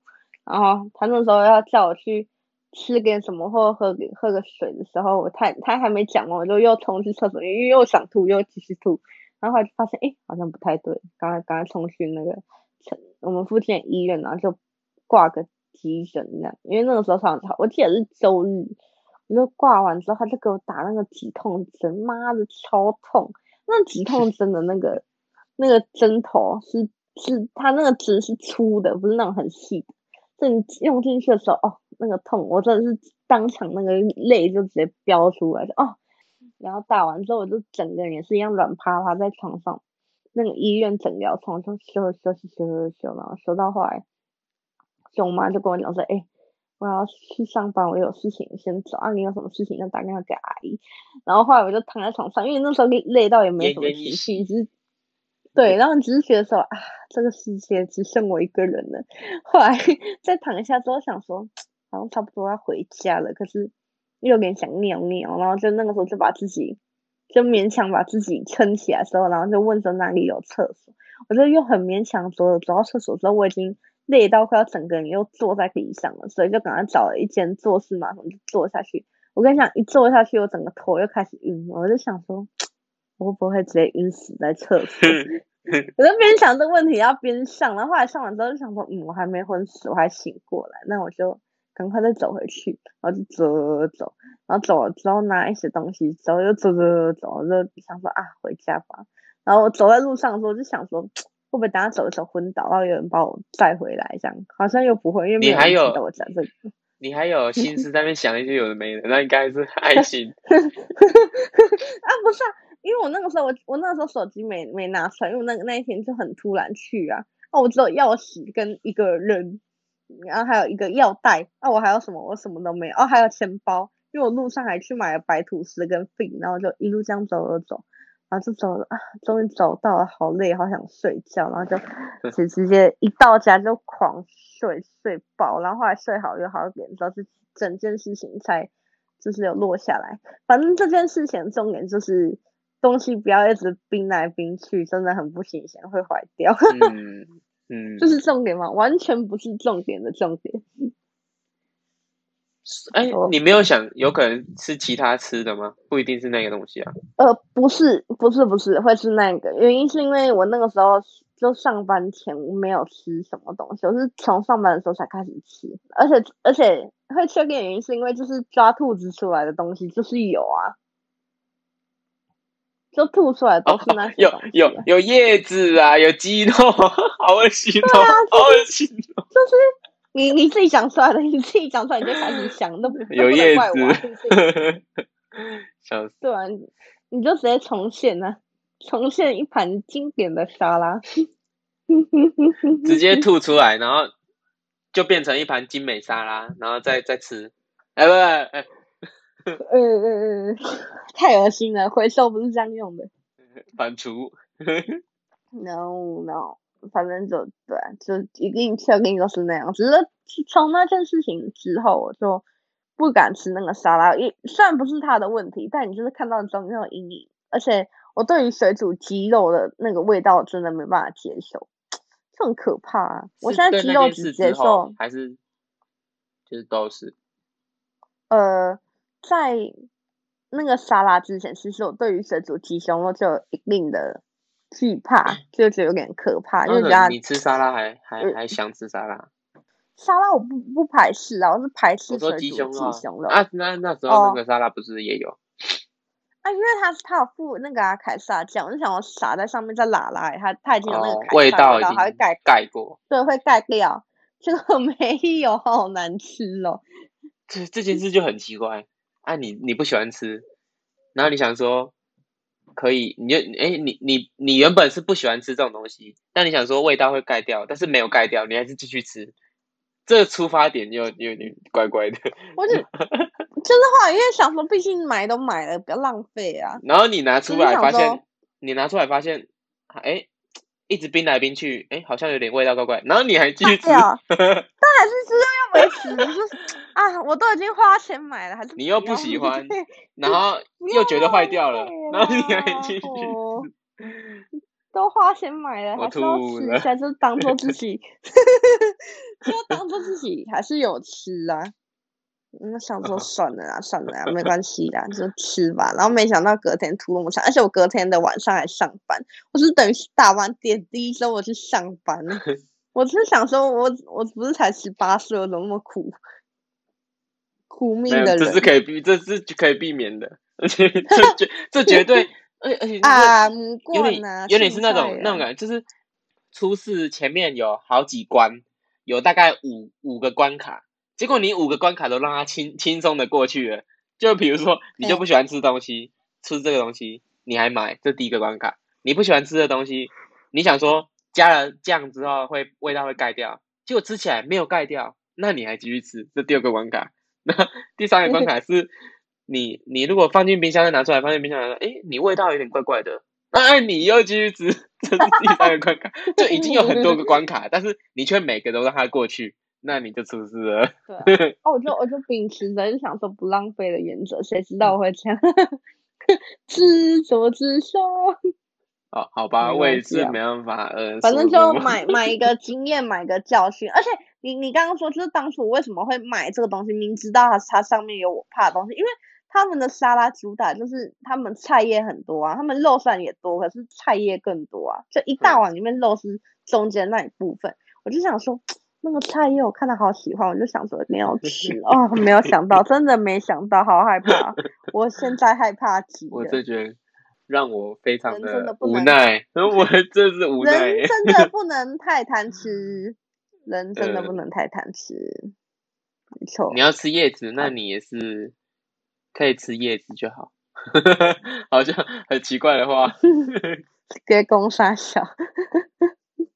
然後他那時候要叫我去吃個點什麼或喝喝個水的時候，我太他還沒講完，我就又衝去廁所，因為又想吐，又繼續吐。然後後來就發現，誒、欸，好像不太對。剛才剛剛衝去那個我們附近醫院，然後就掛個急診的，因為那個時候上，我記得是周日。就掛完之後，他就給我打那個止痛針，媽的超痛！那止痛針的那個 那個針頭是是，他那個針是粗的，不是那種很細。你用進去的時候，哦，那個痛，我真的是當場那個淚就直接飆出來的哦，然後打完之後，我就整個人也是一樣軟趴趴在床上，那個醫院診療床上休休息休息休息休息，然後休到後來，就我媽就跟我講說，誒、欸。我要去上班，我有事情先走啊！你有什麼事情，要打電話給阿姨。然後後來我就躺在床上，因為那時候累，累到也沒有什麼情緒，只是對。然後只是覺得說啊，這個世界只剩我一個人了。後來再躺一下之後，想說，然後差不多要回家了，可是又有點想尿尿。然後就那個時候就把自己就勉強把自己撐起來時候，然後就問說哪裡有廁所？我就又很勉強走走到廁所，之後我已經。累到快要整個人又坐在地上了，所以就趕快找了一間坐式馬桶就坐下去。我跟你講，一坐下去，我整個頭又開始暈，我就想說，我會不會直接暈死在廁所？ 我就邊想這個問題，要邊上。然後後來上完之後，就想說，嗯，我還沒昏死，我還醒過來。那我就趕快再走回去，然後就走走走，然後走了之後拿一些東西，走又走走走，然後就想說啊，回家吧。然後我走在路上的時候，就想說。會不會等下走的時候昏倒，然後有人把我帶回來？這樣好像又不會，因為你還有我講這個，對你還有心思在那邊想一些有的沒的， 那應該是愛心 啊，不是啊？因為我那個時候，我我那個時候手機沒沒拿出來，因為那個那一天就很突然去啊，哦、啊，我只有鑰匙跟一個人，然、啊、後還有一個藥袋，啊，我還有什麼？我什麼都沒有哦、啊，還有錢包，因為我路上還去買了白吐司跟餅，然後就一路這樣走走。然後就走了，終於走到了，好累，好想睡覺，然後就直直接一到家就狂睡，睡飽，然後後來睡好又好一點，主要是整件事情才就是有落下來。反正這件事情的重點就是東西不要一直冰來冰去，真的很不新鮮，會壞掉。嗯，嗯 就是重點嗎？完全不是重點的重點。哎，你沒有想有可能吃其他吃的嗎？不一定是那個東西啊。呃，不是，不是，不是，會是那個原因，是因為我那個時候就上班前沒有吃什麼東西，我是從上班的時候才開始吃，而且而且會確定原因是因為就是抓兔子出來的東西就是有啊，就吐出來的都是那些，啊，哦，哦，有有有葉子啊，有雞肉。好噁心哦，好噁心哦，就是。你你自己想出來的，你自己想出來你就開始想都不有葉子， 事對啊，你就直接重現啊，重現一盤經典的沙拉， 直接吐出來，然後就變成一盤精美沙拉，然後再 再吃，哎、欸、不，嗯嗯嗯，太噁心了，回收不是這樣用的，反廚 no no, no. 反正就對，就一定確定都是那樣，只是從那件事情之後，我就不敢吃那個沙拉。也雖然不是他的問題，但你就是看到中間有陰影。而且我對於水煮雞肉的那個味道真的沒辦法接受，這很可怕啊。我現在雞肉只接受還是就是都是。呃，在那個沙拉之前，其實我對於水煮雞胸肉就有一定的。懼怕就是有點可怕，嗯、就是人家你吃沙拉還、嗯、還還想吃沙拉，沙拉我不不排斥啊，我是排斥說雞胸雞、啊、胸肉啊，那那時候那個沙拉不是也有、哦、啊？因為它是有附，那個凱撒醬，我就想要撒在上面再拉拉它，已經有那個味道，然後還會蓋蓋過，對，會蓋掉這個沒有，好、哦、難吃哦。這這件事就很奇怪，啊，你你不喜歡吃，然後你想說。可以，你就誒你你你，你原本是不喜歡吃這種東西，但你想說味道會蓋掉，但是沒有蓋掉，你還是繼續吃。這個、出發點又又你乖乖的。我就 就的話因為想說，畢竟買都買了，不要浪費啊。然後你拿出來發現，你拿出來發現，哎。一直冰來冰去，誒，好像有點味道怪怪。然後你還繼續吃，哎，當然是知道要沒吃的，是 啊，我都已經花錢買了，還是你又不喜歡， 然後又覺得壞掉了。了然後你還繼續吃，都花錢買了，還是要吃，還就當做自己，就 當做自己還是有吃啊。我、嗯、想說算了啊，算了啊，沒關係啊，就吃吧。然後沒想到隔天吐那麼長，而且我隔天的晚上還上班，我是等於打完點滴之後我去上班。我是想說我，我我不是才十八歲，我怎麼那麼苦苦命的人？這是可以避，這是可以避免的，而 且這絕這絕對， 啊，嗯，而且有點、啊啊、有點是那種人那種感覺，就是出事前面有好幾關，有大概五五個關卡。結果你五個關卡都讓他輕輕鬆的過去了，就比如說你就不喜歡吃東西，嘿吃這個東西你還買，這第一個關卡；你不喜歡吃的東西，你想說加了醬之後會味道會蓋掉，結果吃起來沒有蓋掉，那你還繼續吃，這第二個關卡；那第三個關卡是， 你你如果放進冰箱再拿出來，放進冰箱來了，哎，你味道有點怪怪的，那、哎、你又繼續吃，這是第三個關卡， 就已經有很多個關卡，但是你卻每個都讓它過去。那你就出事了對、啊。哦，我就我就秉持着就想說不浪費的原則，誰知道我會這樣，自作、嗯、自受。哦，好吧，我也是沒辦法，呃、反正就買買一個經驗， 買個教訓。而且你你剛剛說，就是當初我為什麼會買這個東西，明知道它它上面有我怕的東西，因為他們的沙拉主打就是他們菜葉很多啊，他們肉雖然也多，可是菜葉更多啊，就一大碗裡面肉是中間那一部分，對我就想說。那個菜葉我看到好喜歡，我就想說一定要吃哦，沒有想到，真的沒想到，好害怕！ 我現在害怕極了。我這覺得讓我非常的無奈，我真是無奈。人真的不能太貪 吃，人真的不能太貪吃。呃、沒錯錯，你要吃葉子，那你也是可以吃葉子就好， 好像很奇怪的話。 給公殺殺小。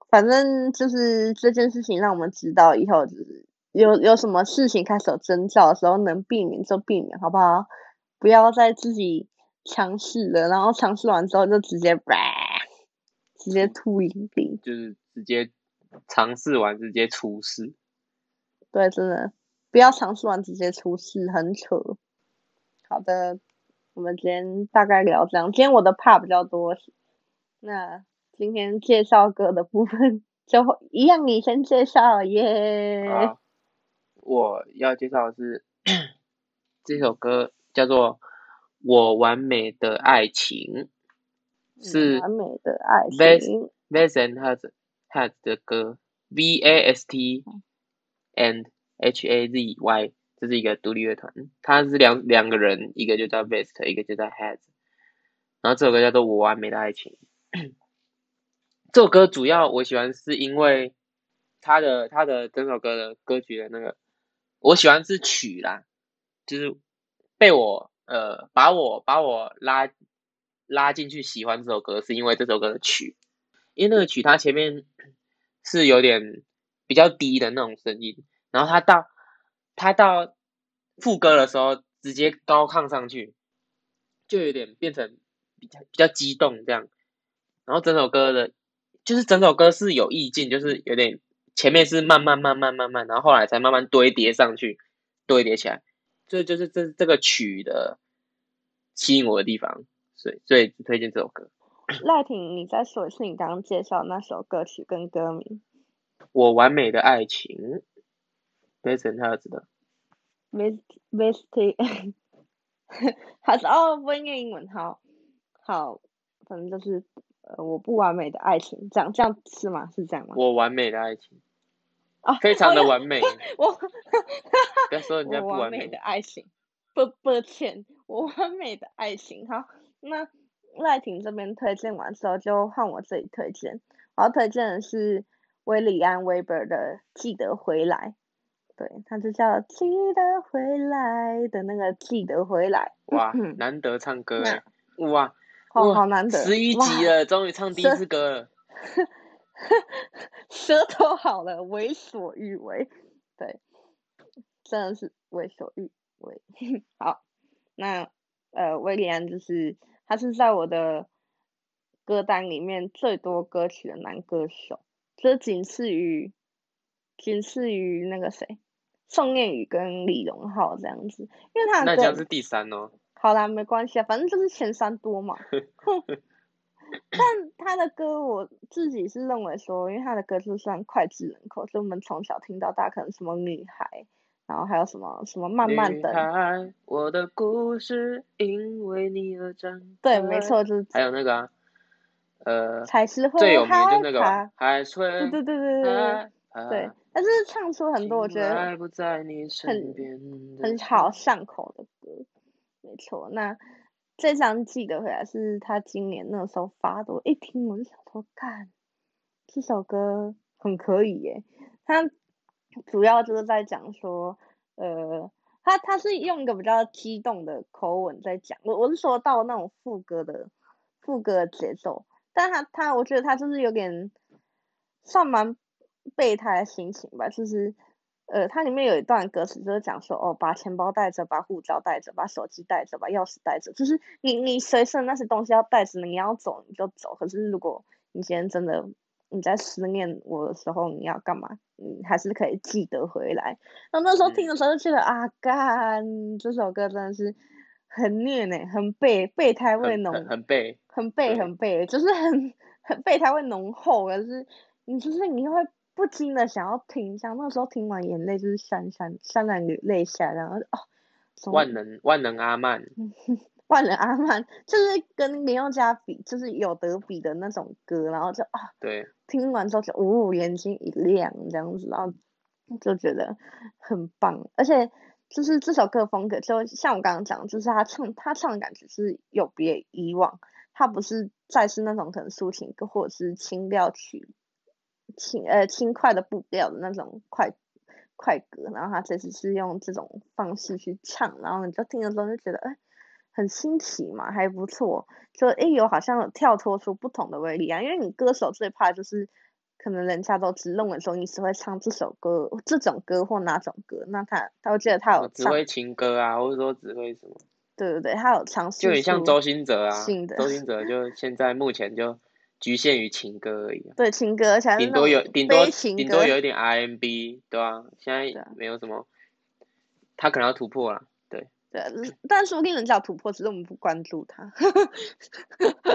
反正就是這件事情，讓我們知道以後就是有有什麼事情開始有徵兆的時候，能避免就避免，好不好？不要再自己嘗試了，然後嘗試完之後就直接吧、呃，直接禿頂，就是直接嘗試完直接出事。對，真的不要嘗試完直接出事，很扯。好的，我們今天大概聊這樣。今天我的怕比較多，那。今天介紹歌的部分，就一樣，你先介紹耶、yeah!。我要介紹的是 這首歌叫做《我完美的愛情》，是完美的愛情。Vast and Hazy Hazy 的歌 V A S T and H A Z Y，這是一個獨立樂團，他是兩兩個人，一個就叫 Vast 一個就叫 Hazy，然後這首歌叫做《我完美的愛情》。 這首歌主要我喜歡是因為他的他的整首歌的歌曲的那個，我喜歡是曲啦，就是被我呃，把我把我拉拉進去喜歡這首歌，是因為這首歌的曲，因為那個曲它前面是有點比較低的那種聲音，然後他到他到副歌的時候直接高亢上去，就有點變成比較比較激動這樣，然後整首歌的。就是整首歌是有意境，就是有點前面是慢慢慢慢慢慢，然後後來才慢慢堆疊上去，堆疊起來，所以就是這這個曲的吸引我的地方，所以所以推薦這首歌。賴廷，你在說的是你剛剛介紹那首歌曲跟歌名？我完美的愛情，Mason House 的，M m a s 哦，不，應該英文，好好，反正就是。呃，我不完美的愛情，這樣這樣是嗎？是這樣嗎？我完美的愛情，啊，非常的完美。我，我 不要說人家不完美，完美的愛情，不抱歉，我完美的愛情。好，那賴婷這邊推薦完之後，就換我自己推薦。我要推薦的是韋禮安 Weibird 的《記得回來》，對，他就叫《記得回來》的那個《記得回來》。哇，難得唱歌耶！那哇。Oh, 哦，好難得！十一集了，哇終於唱第一次歌了。 舌頭好了，為所欲為。對，真的是為所欲為。 好，那呃，威廉就是他，是在我的歌單裡面最多歌曲的男歌手，這、就是、僅次於僅次於那個誰，宋念宇跟李榮浩這樣子，因為他歌那家是第三哦。好啦，沒關係啊，反正就是前三多嘛。 但他的歌我自己是認為說，因為他的歌是算膾炙人口，所以我們從小聽到大，可能什麼《女孩》，然後還有什麼什麼《慢慢的》。女孩，我的故事因為你而展開。對，沒錯，就是。還有那個啊，呃，才是會有最有名的那個海、啊、豚。對對對對對對對。啊、對，但是唱出很多我覺得很很好上口的歌。沒錯，那這張記得回來是他今年那時候發的。欸，我一聽我就想說，幹，這首歌很可以耶。他主要就是在講說，呃，他他是用一個比較激動的口吻在講。我我是說到那種副歌的副歌的節奏，但他他我覺得他就是有點算蠻備胎的心情吧，就是。呃，它裡面有一段歌詞，就是講說，哦，把錢包帶着，把護照帶着，把手機帶着，把鑰匙帶着，就是你你隨身那些東西要帶着，你要走你就走。可是如果你今天真的你在思念我的時候，你要幹嘛？你還是可以記得回來。那那時候聽的時候就覺得，嗯、啊，幹，這首歌真的是很虐呢、欸欸，很背，備胎味濃，很備，很背很背很、欸、背，嗯、就是很很備胎味濃厚。可是，你就是你會。不禁的想要聽一下，像那個時候聽完眼淚就是潸潸潸然淚淚下來，然後就哦。萬能萬能阿曼。 萬能阿曼就是跟林宥嘉比，就是有得比的那種歌，然後就啊。哦、對。聽完之後就五五眼睛一亮這樣子，然後就覺得很棒，而且就是這首歌的風格，就像我剛剛講，就是他唱他唱的感覺是有別以往，他不是再是那種可能抒情歌或者是輕調曲。輕呃輕快的步調的那種快快歌，然後他其實是用這種方式去唱，然後你就聽了之後就覺得，哎、欸，很新奇嘛，還不錯。就哎喲、欸、好像有跳脫出不同的威力啊！因為你歌手最怕就是，可能人家都只認為說你只會唱這首歌、這種歌或哪種歌，那他他會覺得他有唱只會情歌啊，或者說只會什麼？對對對，他有嘗試。就你像周興哲啊，的周興哲就現在目前就。局限於情歌而已。對情歌，現在頂多有頂多頂多有一點 R N B，對啊，現在沒有什麼，他可能要突破了，對。對但是我給你們講突破，只是我們不關注他。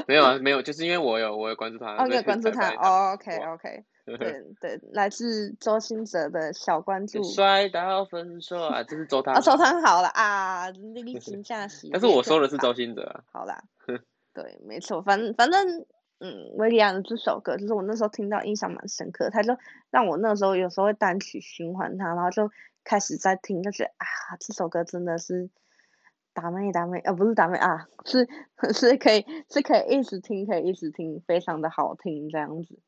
沒有啊，沒有，就是因為我有，我有關注他。哦，有關注他，OK OK。對對，來自周興哲的小關注。帥到分手，這是周湯。啊，周湯好了啊，魅力評價師。但是我說的是周興哲。好啦。對，沒錯，反反正。嗯，韋禮安的這首歌就是我那時候聽到，印象蠻深刻。他就讓我那時候有時候會單曲循環他，然後就開始在聽，就覺得啊，這首歌真的是達咩達咩，呃、啊，不是達咩啊，是是可以是可以一直聽，可以一直聽，非常的好聽這樣子。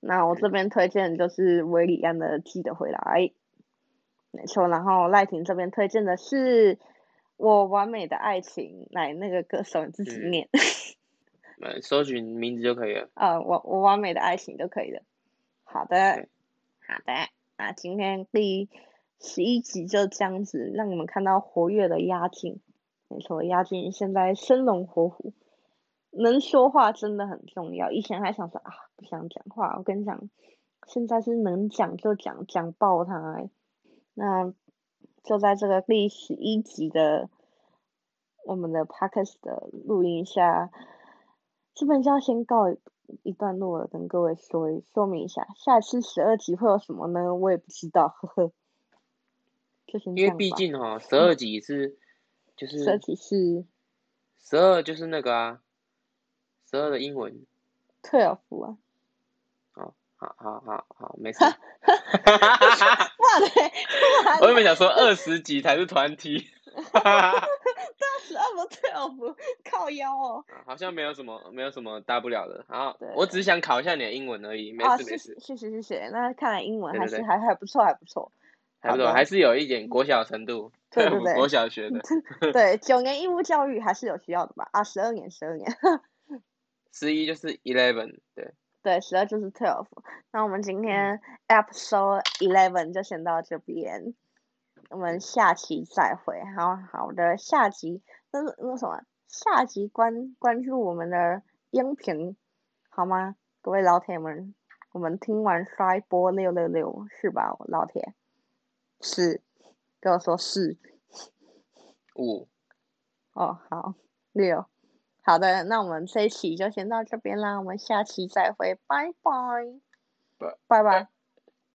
那我這邊推薦就是韋禮安的《記得回來》，沒錯。然後賴廷這邊推薦的是我完美的愛情，來那個歌手你自己念。嗯搜尋名字就可以了。啊、uh，我我完美的愛情都可以的。好的，好的。那今天第十一集就這樣子，讓你們看到活躍的鴨勁。沒錯，鴨勁現在生龍活虎，能說話真的很重要。以前還想說啊，不想講話。我跟你講，現在是能講就講，講爆它、欸。那就在這個第十一集的我們的 Podcast 的錄音下，基本上要先告一段落了，跟各位說一說明一下，下一次十二集會有什麼呢？我也不知道，呵呵。就因為畢竟哈，十二集是就是十二集是十二，就是那個啊，十二的英文 twelve 啊。哦，好好好好，沒錯。哇塞！ 我原本想說二十集才是團體。 十二不 twelve，靠腰哦。好像沒有什麼，沒有什麼大不了的。好，對我只想考一下你的英文而已，沒事沒事。謝謝謝謝，那看來英文還是還還不錯，還不錯，還不錯，還是有一點國小程度，對對對，國小學的。 對，九年義務教育還是有需要的吧？啊，十二年，十二年。十 一就是 eleven，對。對，十二就是 twelve。那我們今天、嗯、episode eleven 就先到這邊。我們下期再會，好好的下集，那那什麼下集關關注我們的音頻好嗎？各位老鐵們，我們聽完刷一波六六六是吧，老鐵？是，給我說是。五。哦，好六，好的，那我們這期就先到這邊啦，我們下期再會，拜拜。不拜拜。